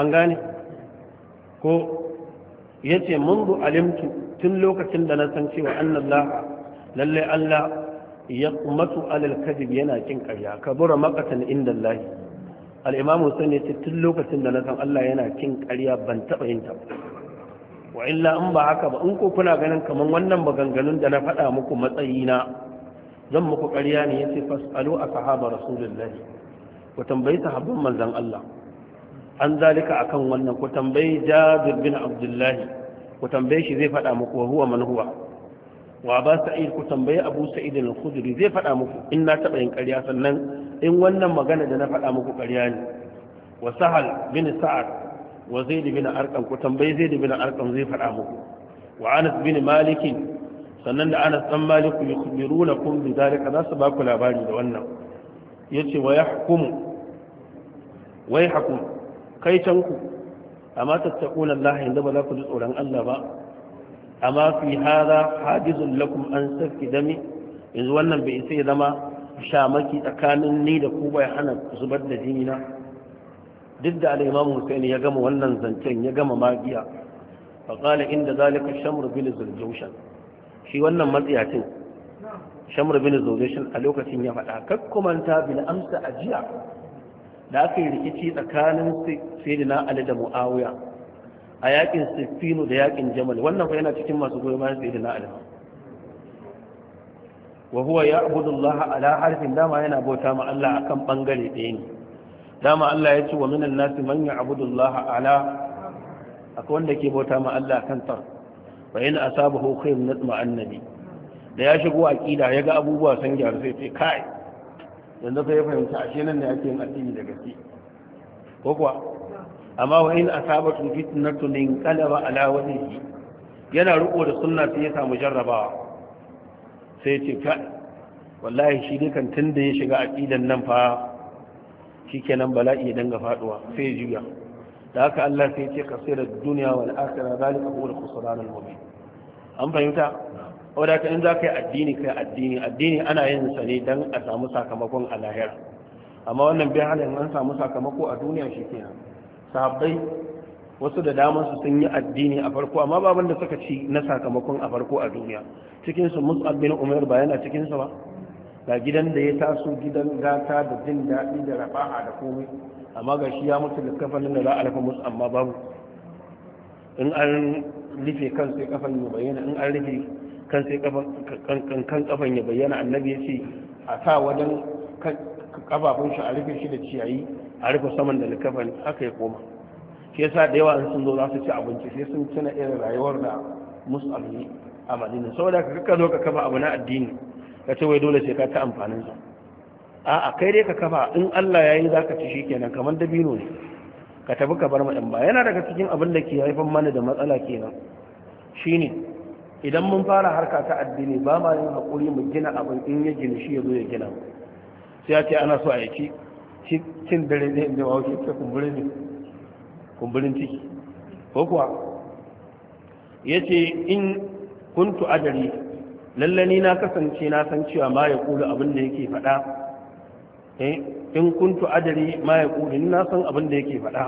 an gane ko ya ce mundu alimtu tun lokacin da na san cewa annallah lallai allah ya kumatu alal kadib yana kin karya kabura makatan inda lahi. al'imamu sun ya ce tun lokacin da na san allah yana kin karya ban taɓa yin ta wa illa in ba haka ba in ko kuna ganin kamar wannan maganganun da na faɗa muku matsayina zan muku karya ne ya ce fasalu a sahaba rasulullahi ku tambayi sahabban manzon allah an zalika a kan wannan ku tambayi jabir bin abdullahi ku tambaye shi zai faɗa muku wa huwa man huwa wa ba sa'id ku tambayi abu sa'id al-khudri zai faɗa muku in na taɓa yin ƙarya sannan in wannan magana da na faɗa muku ƙarya ne wa sahal bin sa'ad wa zaid bin arqam ku tambayi zaid bin arqam zai faɗa muku wa anas bin malik sannan da anas dan malik yukhbirunakum bi zalika za su ba ku labari da wannan yace wa yahkum wa yahkum kai can ku amma tattaquna Allah inda ba za ku ji tsoron Allah ba amma fi hada hadizun lakum an safki dami yanzu wannan bai sai zama shamaki tsakanin ni da ku bai hana zubar da jini na duk da al Hussein ya gama wannan zancen ya gama magiya fa qala inda zalika shamr bil zuljushan shi wannan matsiyacin shamr bin zuljushan a lokacin ya faɗa kakkumanta bil amsa ajiya da aka yi rikici tsakanin sayyidina ali da muawiya a yakin Sifinu da yakin jamal wannan fa yana cikin masu goyon bayan sayyidina ali wa huwa ya'budu Allah ala harfin dama yana bauta ma Allah akan bangare ɗaya ne dama Allah ya ce wa minan nasi man ya'budu ala akwai wanda ke bauta ma Allah akan tar wa in asabahu khayrun natma annabi da ya shigo aqida ya ga abubuwa san gyaru sai ce kai yanzu ka ya fahimci ashe nan ne ake yin addini da gaske ko kuwa amma wa in asabatu fitnatun inqalaba ala wajhihi yana riko da sunna sai ya samu jarrabawa sai ya ce ka wallahi shi dukan da ya shiga aqidan nan fa shikenan bala'i ya danga faduwa sai ya juya da haka Allah sai ya ce da duniya wal akhirah zalika huwa al-khusran al-mubin an fahimta saboda ka in za ka yi addini ka addini addini ana yin sa ne don a samu sakamakon a lahira amma wannan bai halin an samu sakamako a duniya shi kenan sahabbai wasu da damar su sun yi addini a farko amma babin da suka ci na sakamakon a farko a duniya cikin su abin umar ba yana cikin ba ga gidan da ya taso gidan gata da jin daɗi da rafa'a da komai amma ga shi ya mutu da kafanin da za a rufe musu amma babu in an rufe kansu kafan yi bayyana in an rufe kan sai kan kafan ya bayyana annabi ya ce a sa wajen kafafun shi a rufe shi da ciyayi a rufe saman da likafan haka ya koma shi yasa da yawa sun zo za su ci abinci sai sun tuna irin rayuwar da musulmi a madina saboda ka zo ka kafa abu na addini ka ce wai dole sai ka ta amfanin sa a'a kai dai ka kafa in Allah ya yayi zaka ci kenan, kamar dabino ne ka tafi ka bar mu dan ba yana daga cikin abin da ke haifar mana da matsala kenan shine idan mun fara harka ta addini ba ma yin haƙuri mu gina abin in ya gina shi ya zo ya gina Su sai ya ce ana so a yaki cin dare ne inda wauke ta kumburin ne kumburin ciki ko kuwa ya ce in kuntu adari lallani na kasance na san cewa ma ya kula abin da yake faɗa eh, in kuntu adari ma ya kula na san abin da yake faɗa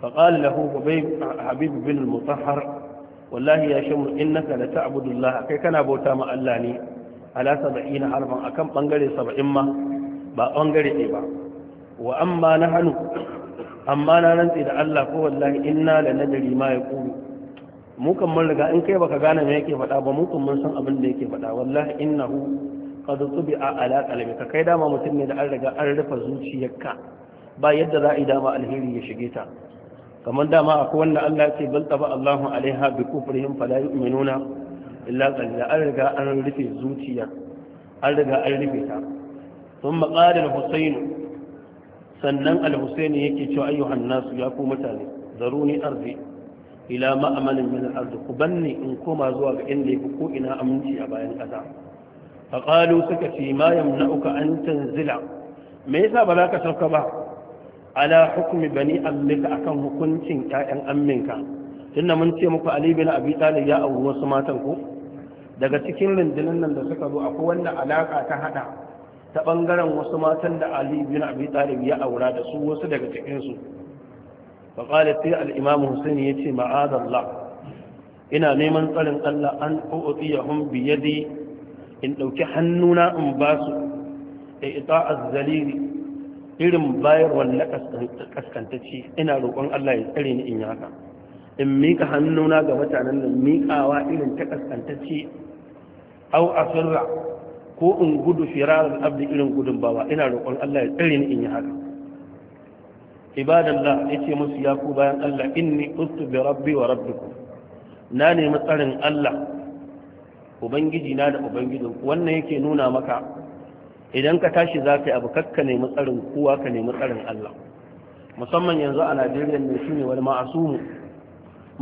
faƙal lahu Habibu bin mutahar wallahi ya shi innaka la ta'budullah kai kana bauta ma Allah ne ala 70 harfan akan bangare 70 ma ba bangare ne ba wa amma na nahnu amma na rantsi da Allah ko wallahi inna la nadri ma yaqulu mu kan mun riga in kai baka gane me yake faɗa ba mu kan mun san abin da yake faɗa wallahi innahu qad tubi'a ala qalbika kai dama mutum ne da an riga an rufe zuciyarka ba yadda za a yi dama alheri ya shige ta kamar dama akwai wanda Allah ce bal taba Allahu alaiha bi kufrihim fala yu'minuna illa qalila an riga an rufe zuciya an riga an rufe ta sun maqala al-husayn sannan al-husayn yake cewa ayyuhan nasu ya ku mutane zaruni arzi ila ma'amalin min al-ard kubanni in koma zuwa ga inda yake ko ina aminci a bayan kasa faqalu suka ce ma yamna'uka an tanzila me yasa ba za ka sauka ba ala hukumi bani amlika akan hukuncin ƴaƴan amminka tunda mun ce muku ali bin abi talib ya auri wasu matan ku? daga cikin rundunan nan da suka zo akwai wanda alaka ta hada ta bangaren wasu matan da ali bin abi talib ya aura da su wasu daga cikin su fa qala fi al imam husaini yace ma'adallah ina neman tsarin Allah an u'tiyahum bi yadi in dauki hannuna in basu da e ita'az zalili irin bayarwar na kaskantacci ina roƙon Allah ya tsare ni in yi haka in mika hannuna ga mutanen da miƙawa irin ta kaskantacci au asirra ko in gudu firarar abdi irin gudun bawa ina roƙon Allah ya tsare ni in yi haka ibadallah yace musu ya ku bayan Allah inni ustu bi rabbi wa rabbikum na nemi tsarin Allah ubangiji na da ubangijin wannan yake nuna maka idan ka tashi za ka yi abu kakka nemi tsarin kowa ka nemi tsarin Allah musamman yanzu a Najeriya ne shi ne wani ma'asumu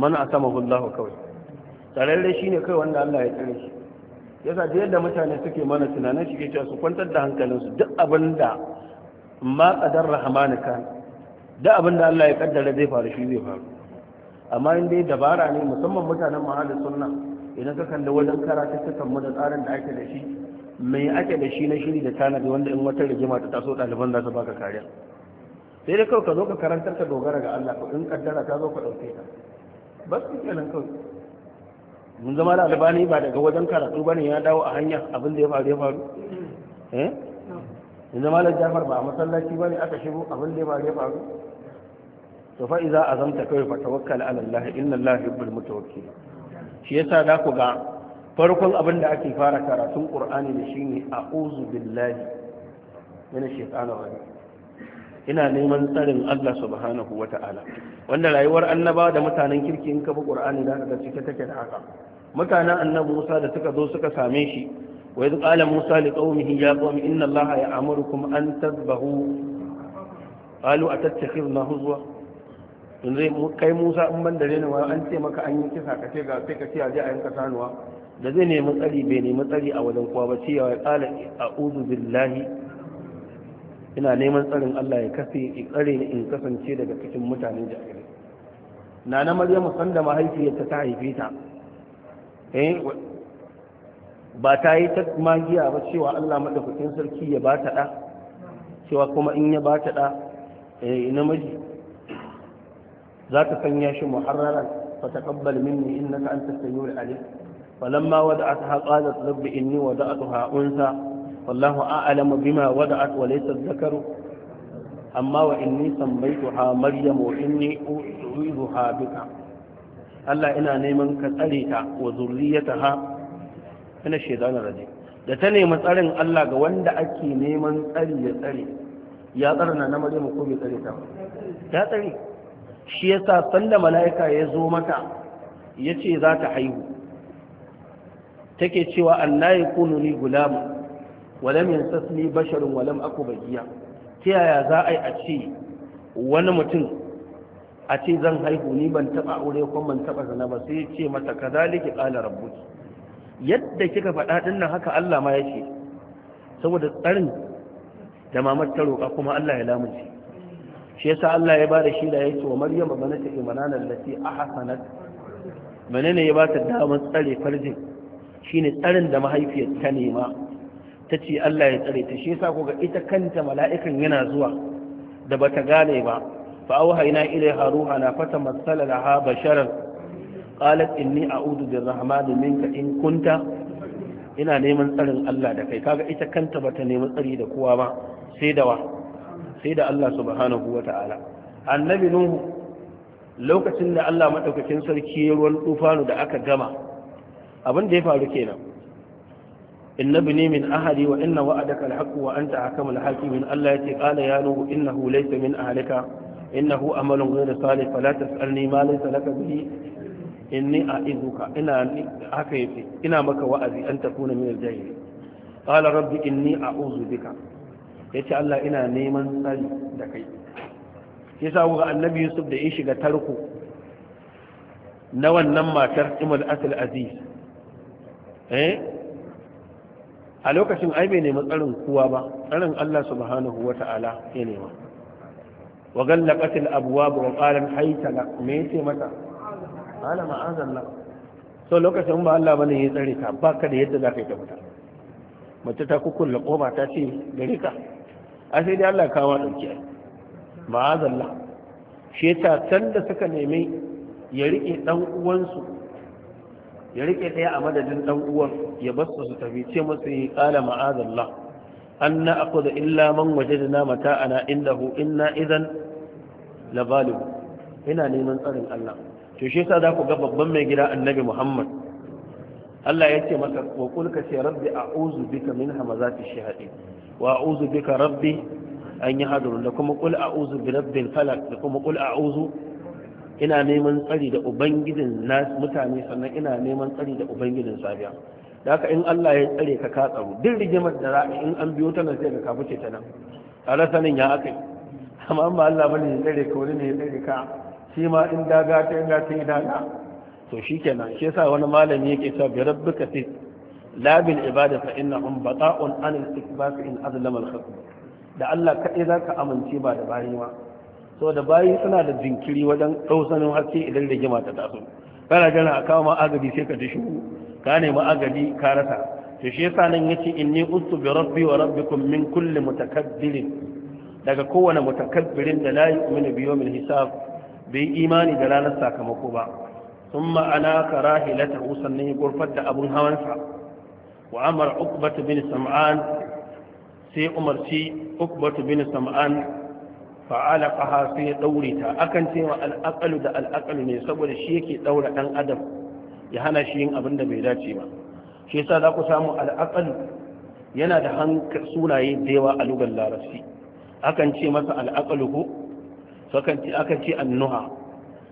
mana a sama hullahu kawai tsararre shi ne kai wanda Allah ya tsare shi yasa da yadda mutane suke mana tunanin shi ke cewa su kwantar da hankalinsu duk abin da ma qadar duk abin da Allah ya kaddara zai faru shi zai faru amma in dai dabara ne musamman mutanen mahalin sunna idan ka kalli wajen karatu sukan mu da tsarin da ake da shi mai ake da shi na shiri da tanadi wanda in wata rigima ta taso ɗaliban za su baka kariya sai dai kawai ka zo ka karantar ka dogara ga Allah ko in kaddara ta zo ka ɗauke ta ba su kenan kawai mun zama da albani ba daga wajen karatu ba ne ya dawo a hanya abin da ya faru ya faru eh mun zama da jafar ba a masallaci ba ne aka shigo abin da ya faru ya faru to fa iza azamta kawai fa tawakkal ala Allah inna Allah yuhibbul mutawakkil shi yasa da ku ga farkon abin da ake fara karatun ƙur'ani da shi ne a uzu billahi yana shekana wani ina neman tsarin allah subhanahu wa ta'ala wanda rayuwar annaba da mutanen kirki in kafa ƙur'ani da aka cike take da haka mutanen annabi musa da suka zo suka same shi wa yadda ƙala musa li ƙaumihi ya ƙaumi inna allah ya kuma an tazbahu na atattakhidna huzwa zai kai musa in ban da wa? an ce maka an yi kisa kace ga sai kace a je a yanka sanuwa da zai nemi tsari bai nemi tsari a wajen kuwa ba cewa ya kala uzu billahi ina neman tsarin Allah ya kafe in tsare ni in kasance daga cikin mutanen na nana maryamu sanda mahaifiyarta ta haife ta eh ba ta yi ta magiya ba cewa Allah madaukakin sarki ya ba ta da cewa kuma in ya ba ta da eh namiji za ta sanya shi muharraran fa taqabbal minni innaka antas samiul alim فلما وضعتها قالت رب إني وضعتها أنثى والله أعلم بما وضعت وليس الذكر أما وإني سميتها مريم وإني أعيذها بك Allah ina neman ka tsare ta wa zurriyataha da ta nemi tsarin Allah ga wanda ake neman tsari ya tsare ya tsara na Maryam ko bai tsare ta ba ya tsare shi yasa sanda mala'ika ya zo mata yace za ta haihu take cewa anna yakunu li gulam wa lam yansasni basharun wa lam aku bagiya ta yaya za a yi a ce wani mutum a ce zan haihu ni ban taba aure ko ban taba zana ba sai ce mata kadhalika qala rabbuki yadda kika faɗa din nan haka Allah ma yake saboda tsarin da mamar ta roƙa kuma Allah ya lamunci shi yasa Allah ya bada shi da yake wa Maryam banata imranan lati ahsanat menene ya ba bata damar tsare farjin ne tsarin da mahaifiyar ta nema ta ce Allah ya tsare ta shi yasa ko ga ita kanta mala'ikan yana zuwa da bata gane ba fa auhayna haruha na fata masala laha basharan qalat inni a'udhu da minka in kunta ina neman tsarin Allah da kai kaga ita kanta ta nemi tsari da kowa ba sai da wa sai da Allah subhanahu wata'ala annabi nuhu lokacin da Allah maɗaukacin sarki ya ruwan tufanu da aka gama abin da ya faru kenan Inna bi ne min ahadi wa inna wa'adaka alhaqu wa anta hakamul hakimin Allah yace qala ya nuhu innahu laysa min ahlika innahu amalun ghayru salih fala tasalni ma laysa laka bihi inni a'izuka ina haka yace ina maka wa'azi an takuna min al-jahil qala rabbi inni a'udhu bika yace Allah ina neman tsari da kai yasa ga annabi Yusuf da ya shiga tarko na wannan matar Imul Asil Aziz Eh? a lokacin ai bai nemi tsarin kuwa ba tsarin Allah subhanahu Ta'ala ya nema wa gallaqat al-abwab wa qala hayta la me yace mata qala azalla. so lokacin ba Allah bane ya tsare ka ka da yadda zaka yi ta fita mace ta kukkulla koma ta ce gare ka a sai dai Allah kawo dauki ai azalla. shi ta sanda suka nemi ya rike dan uwansu ya rike ɗaya a madadin dan uwan ya basu su tafi ce masu yi ƙala ma'azallah an na aku da illa man waje da na mata ana indahu inna idan labalu ina neman tsarin Allah to shi yasa za ku ga babban mai gida annabi Muhammad Allah ya ce masa wa ka ce rabbi Uzu bika min hamazati shayati wa Uzu bika rabbi an yahdurun da kuma kul Uzu bi rabbil Falak, da kuma kul Uzu. ina neman tsari da ubangijin mutane sannan ina neman tsari da ubangijin safiya da haka in Allah ya tsare ka ka tsaro duk rigimar da za'a in an biyo ta nan sai ka kafu ce ta nan tare sanin ya akai amma ba Allah bane ya tsare ka wani ne ya tsare ka shi ma in daga ta in ta yi daga to shi kenan shi yasa wani malami yake cewa bi rabbika fi labil ibada fa innahum bata'un an al-istikbas in azlama al-khatm da Allah kaɗai zaka amince ba da bayi ma da bayi suna da jinkiri wajen ɗausanin haske idan rigima ta taso kana gana a kawo ma'agadi sai ka tashi ka nemi agadi ka rasa to shi yasa nan yace inni ustu bi rabbi wa rabbikum min kulli mutakabbirin daga kowane mutakabbirin da la yu'minu bi yawmil hisab bai imani da ranar sakamako ba thumma ana karahilata sannan ya gurfar da abun hawansa wa amara uqbatu bin sam'an sai umarci uqbatu bin sam'an fa'alaqaha sai ya daure ta akan cewa al'aƙalu da al'aƙalu ne saboda shi yake daura dan adam ya hana shi yin abin da bai dace ba shi yasa za ku samu al'aƙalu. yana da hankali sunaye da yawa a lugar larabci akan ce masa al'aƙalu ko akan ce akan ce annuha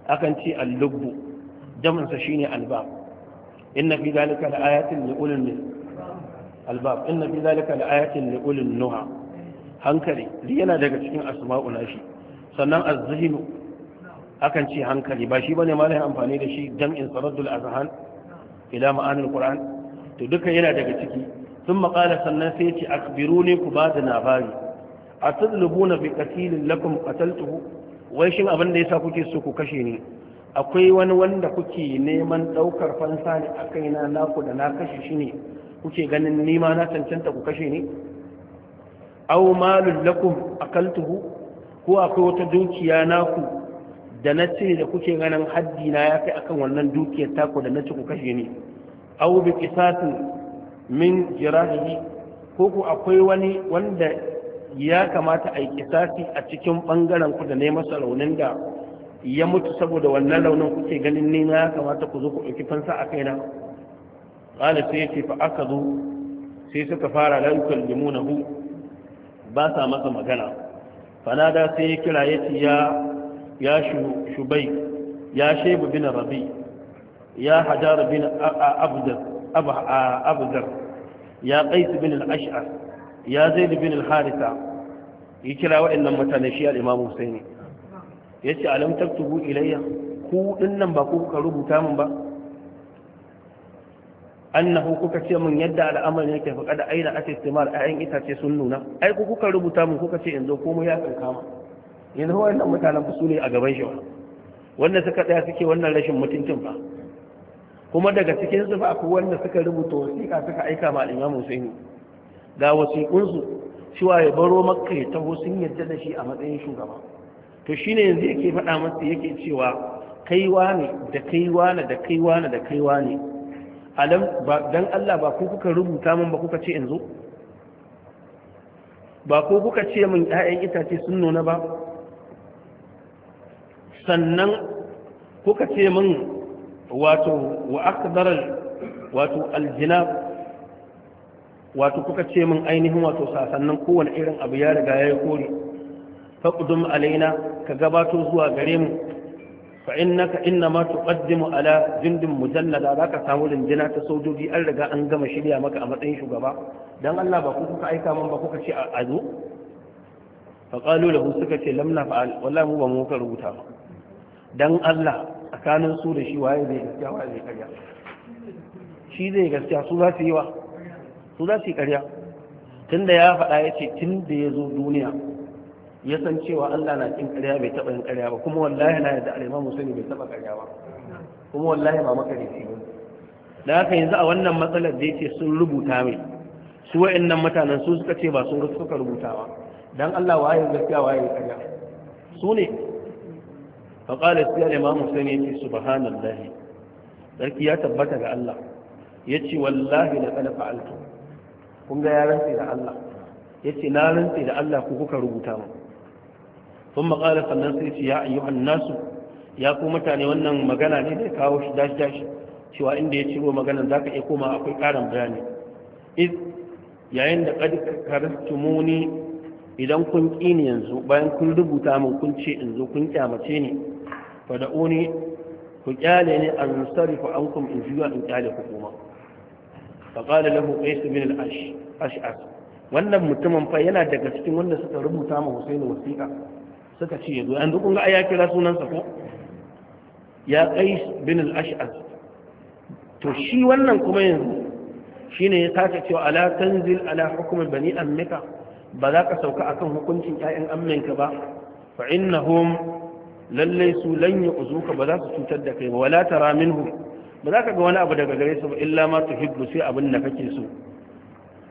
akan ce al-lubbu shi ne shine albab inna fi zalika la'ayatin li ulil albab inna fi zalika la'ayatin li ulil nuha hankali yana daga cikin asma'u nashi sannan az-zihnu akan ce hankali ba shi bane malai amfani da shi jam'in saraddul azhan ila ma'anil qur'an to duka yana daga ciki sun qala sannan sai ce akhbiruni ku ba da labari a bi qatilin lakum qataltuhu wai shin abin da yasa kuke so ku kashe ni akwai wani wanda kuke neman daukar fansa ne a kaina naku da na kashe shi ne kuke ganin nima na cancanta ku kashe ni aw malul lakum akaltuhu ko akwai wata dukiya naku da na ce da kuke ganin haddi na ya kai akan wannan dukiyar taku da na ci ku kashe ni aw bi qisatin min jirahihi ko ku akwai wani wanda ya kamata a yi kisasi a cikin bangaren ku da ne masa raunin da ya mutu saboda wannan launin kuke ganin ne na ya kamata ku zo ku ɗauki fansa a kaina ƙala sai ya ce fa aka zo sai suka fara na hu? ba sa masa magana fanada sai ya kira ya ce ya shubai ya shebu bin rabi ya hajar bin abdar ya kaisu bin al Ya zai da bin al’arita ya kira waɗannan mutane shi al Hussaini. Ya ce alamtar tubu ilayya ku nan ba ku ka rubuta min ba annahu kuka ce mun yadda al'amarin yake fa da aina ake istimar ayan itace sun nuna ai ku kuka rubuta mun kuka ce yanzu komai ya kan kama yanzu wannan mutanen su ne a gaban shi wanda suka tsaya suke wannan rashin mutuncin ba kuma daga cikin su ba ku wanda suka rubuta wasiƙa suka aika ma al'imamu sai Husaini ga wasiƙun su cewa ya baro Makka ya taho sun yadda da shi a matsayin shugaba to shine yanzu yake faɗa masa yake cewa kaiwa ne da kaiwa ne da kaiwa ne da kaiwa ne alam dan Allah ba ku kuka rubuta min ba kuka ce in zo ba ko kuka ce min ƴaƴan itace sun nuna ba sannan kuka ce min wato wa akdaral wato aljinab wato kuka ce min ainihin wato sasannan kowane irin abu ya riga ya yi kore faqdum alaina ka gabato zuwa gare mu fa innaka innama tuqaddimu ala jundin mujallada zaka samu rinjina ta sojoji an riga an gama shirya maka a matsayin shugaba dan Allah ba ku kuka aika man ba kuka ce a zo fa qalu lahu ce lam naf'al wallahi mu ba mu ka rubuta ba dan Allah tsakanin su da shi waye zai gaskiya waye karya shi zai gaskiya su za su yi karya tunda ya faɗa ya ce tun da ya zo duniya ya san cewa Allah na kin ƙarya bai taɓa yin ƙarya ba kuma wallahi na yadda al'imamu sani bai taɓa ƙarya ba kuma wallahi ba makarici ba da haka yanzu a wannan matsalar da yake sun rubuta mai su wa'annan mutanen su suka ce ba sun suka rubuta ba dan Allah waye gaskiya waye ƙarya su ne fa qala sai al'imamu sani yace subhanallahi sarki ya tabbata ga Allah yace wallahi la qad fa'altu kun ga ya rantsi da Allah yace na rantsi da Allah ku kuka rubuta mu sun maƙala sannan sai ce ya ayyuhan nasu ya ku mutane wannan magana ne da kawo shi dashi dashi cewa inda ya ciro maganan za ka iya koma akwai ƙarin bayani iz yayin da ƙad karistumuni idan kun ƙi ni yanzu bayan kun rubuta min kun ce in zo kun kyamace ni fa da uni ku kyale ni an sarifa an kum in juya in kyale ku kuma fa qala lahu qais min al ash ash'ar wannan mutumin fa yana daga cikin wanda suka rubuta ma Husaini wasiƙa suka ce ya zo yanzu kun ga ya kira sunansa ko ya kai bin al to shi wannan kuma yanzu shine ya sake cewa ala tanzil ala hukm bani ammika ba za ka sauka akan hukuncin ƴaƴan amminka ba fa innahum lalle su lan yu'zuka ba za su cutar da kai ba wala tara minhum ba za ka ga wani abu daga gare su ba illa ma tuhibbu sai abin da kake so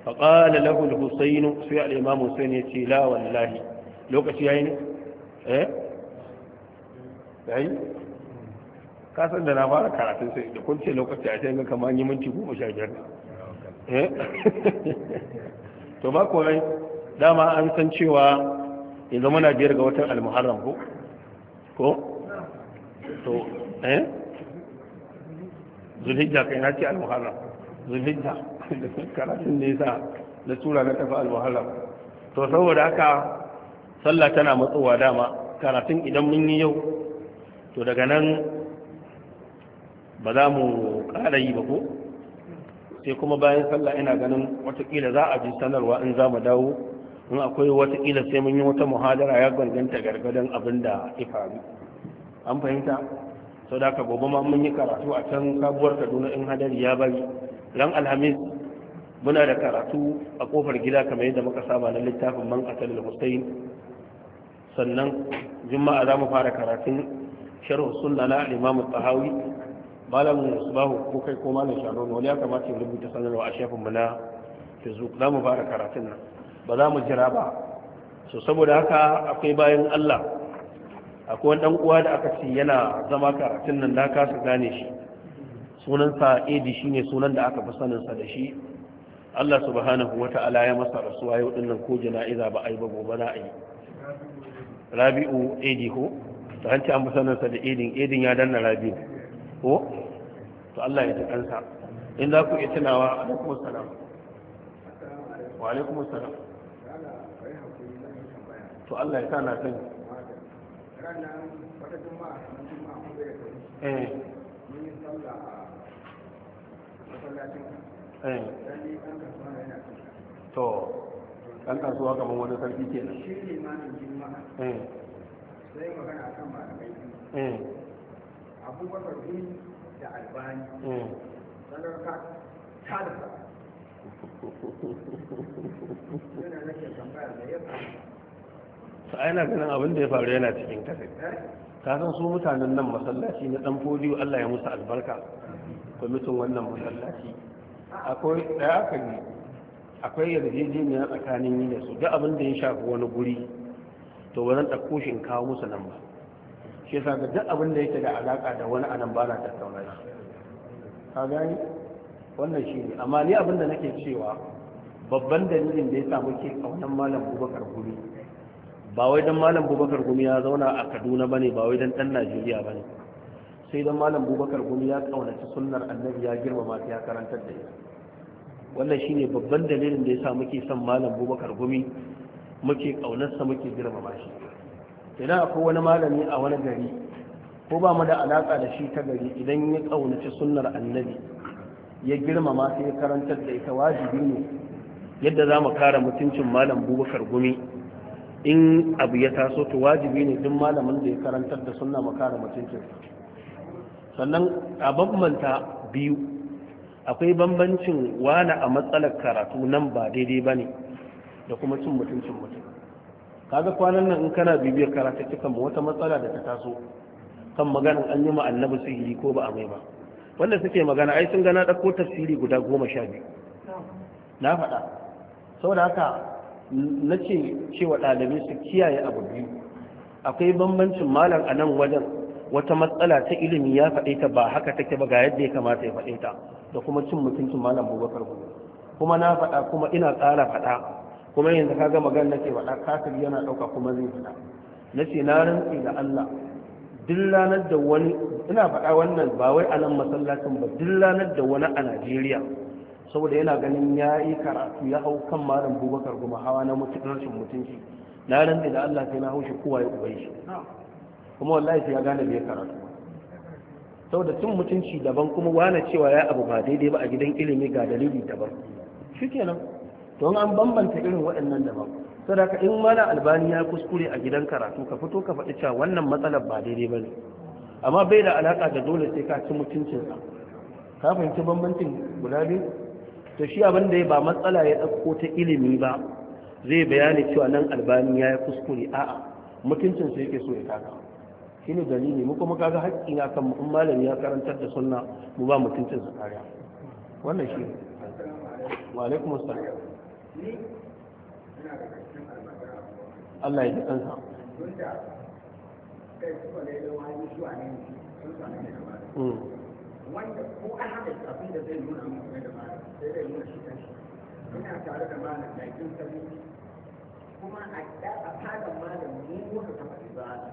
fa qala lahu al-husayn sai al-imam ya ce la wallahi lokaci eh yayi kasan da na fara karatun sai da kun ce lokaci a sai ga kamar yi minti goma sha biyar eh to ba komai dama an san cewa yanzu muna biyar ga watan almuharram ko ko to eh zulhijja kai na ce al almuharram zulhijja karatun ne sa da tura na tafi al almuharram to saboda haka sallah tana matsowa dama karatun idan mun yi yau to daga nan ba za mu ƙara yi ba ko sai kuma bayan sallah ina ganin watakila za a ji sanarwa in za mu dawo in akwai watakila sai mun yi wata muhadara ya ganganta gargadan abin da ya faru an fahimta sau da ka gobe ma mun yi karatu a can sabuwar kaduna in hadari ya bari ran alhamis muna da karatu a kofar gida kamar yadda muka saba na littafin man asalil hussein sannan juma'a za mu fara karatun sharhu sunna na imam tahawi malamin musbahu ko kai ko malamin shano wani ya kamata ya rubuta sanarwa a shafin mu na facebook za mu fara karatun nan ba za mu jira ba so saboda haka akwai bayan Allah akwai wani dan uwa da aka ce yana zama karatun nan da kasa gane shi sunansa edi shine sunan da aka fi saninsa da shi Allah subhanahu wa ta'ala ya masa rasuwa yau dinnan ko jana'iza ba yi ba gobe za a yi rabi'u edi ko to an ci an musanarsa da edin edin ya danna rabi'u ko to Allah ya ji kansa in za ku iya tunawa alaikum assalam wa alaikum assalam to Allah ya sa na sani eh eh to dan kasuwa kamar wani sarki kenan shi eh. sai magana akan malamai eh. abubakar da albani eh. sanar ka yana nake tambaya da ya ganin abin da ya faru yana cikin kasa ka san su mutanen nan masallaci na dan fodiyo Allah ya musu albarka mutum wannan masallaci akwai daya aka yi akwai yarjejeniya tsakanin yi da su duk abin da ya shafi wani guri to ba zan ɗauko shi in kawo musu nan ba shi yasa ga duk abin da yake da alaƙa da wani anan ba na tattauna shi ka gani wannan shi ne amma ni abin da nake cewa babban dalilin da ya sa muke kaunan malam bubakar gumi ba wai dan malam bubakar gumi ya zauna a kaduna ba ne ba wai dan dan najeriya ne sai dan malam bubakar gumi ya kaunaci sunnar annabi ya girmama ta ya karantar da ita wannan shi ne babban dalilin da ya sa muke son malam Bubakar Gumi muke ƙaunarsa muke girmama shi idan akwai wani malami a wani gari ko ba mu da alaƙa da shi ta gari idan ya ƙaunaci sunnar annabi ya girmama sai ya karantar da ita wajibi ne yadda za mu kare mutuncin malam Bubakar Gumi in abu ya taso to wajibi ne duk malamin da ya karantar da sunna mu kare mutuncin sannan a bambanta biyu akwai bambancin wani a matsalar karatu nan ba daidai ba ne da kuma cin mutuncin mutum kaga kwanan nan in kana bibiyar karatu cikin wata matsala da ta taso kan maganin an yi annabi sihiri ko ba a mai ba wanda suke magana ai sun gana ɗauko tafsiri guda goma sha biyu na faɗa saboda haka na ce cewa ɗalibai su kiyaye abu biyu akwai bambancin malam a nan wajen wata matsala ta ilimi ya faɗe ta ba haka take ba ga yadda ya kamata ya faɗe ta da kuma cin mutuncin malam bubakar gobe kuma na faɗa kuma ina tsara faɗa kuma yanzu ka gama gan nake faɗa kafir yana ɗauka kuma zai faɗa na ce na rantsi da Allah duk ranar da wani ina faɗa wannan ba wai a nan masallacin ba duk ranar da wani a Najeriya saboda yana ganin ya yi karatu ya hau kan malam bubakar goma hawa na mutuncin mutunci na rantsi da Allah sai na haushi kowa ya ubai shi kuma wallahi sai ya gane bai karatu saboda cin mutunci daban kuma wane cewa ya abu ba daidai ba a gidan ilimi ga dalili daban shikenan to an bambanta irin waɗannan daban Sadaka, in mala albani ya kuskure a gidan karatu ka fito ka faɗi cewa wannan matsalar ba daidai ba ne amma bai da alaƙa da dole sai ka ci mutuncinsa ka fahimci bambancin guda biyu to shi abin da ya ba matsala ya ɗauko ta ilimi ba zai bayani cewa nan albani ya yi kuskure a'a mutuncinsa yake so ya taka shine dalili mu kuma kaga haƙƙi na kan in ya karantar da suna mu ba mutuncin zakariya wannan shi ne. wa alaikum Allah ya ji kansa hmm. wanda kuma a da a fadar malam mu muka tafi ibada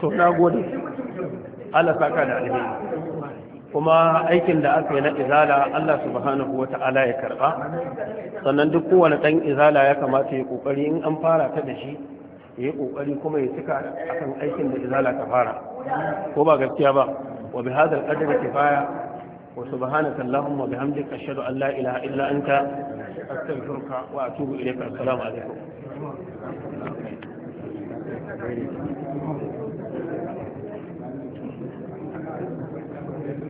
to na gode Allah saka da alheri kuma aikin da aka yi na izala Allah subhanahu wata'ala ya karba sannan duk kowane dan izala ya kamata ya kokari in an fara ta da shi ya kokari kuma ya cika akan aikin da izala ta fara ko ba gaskiya ba wa bi hadal qadri kifaya wa subhanaka allahumma wa bihamdika ashhadu an la ilaha illa anta astaghfiruka wa atubu ilayka assalamu alaikum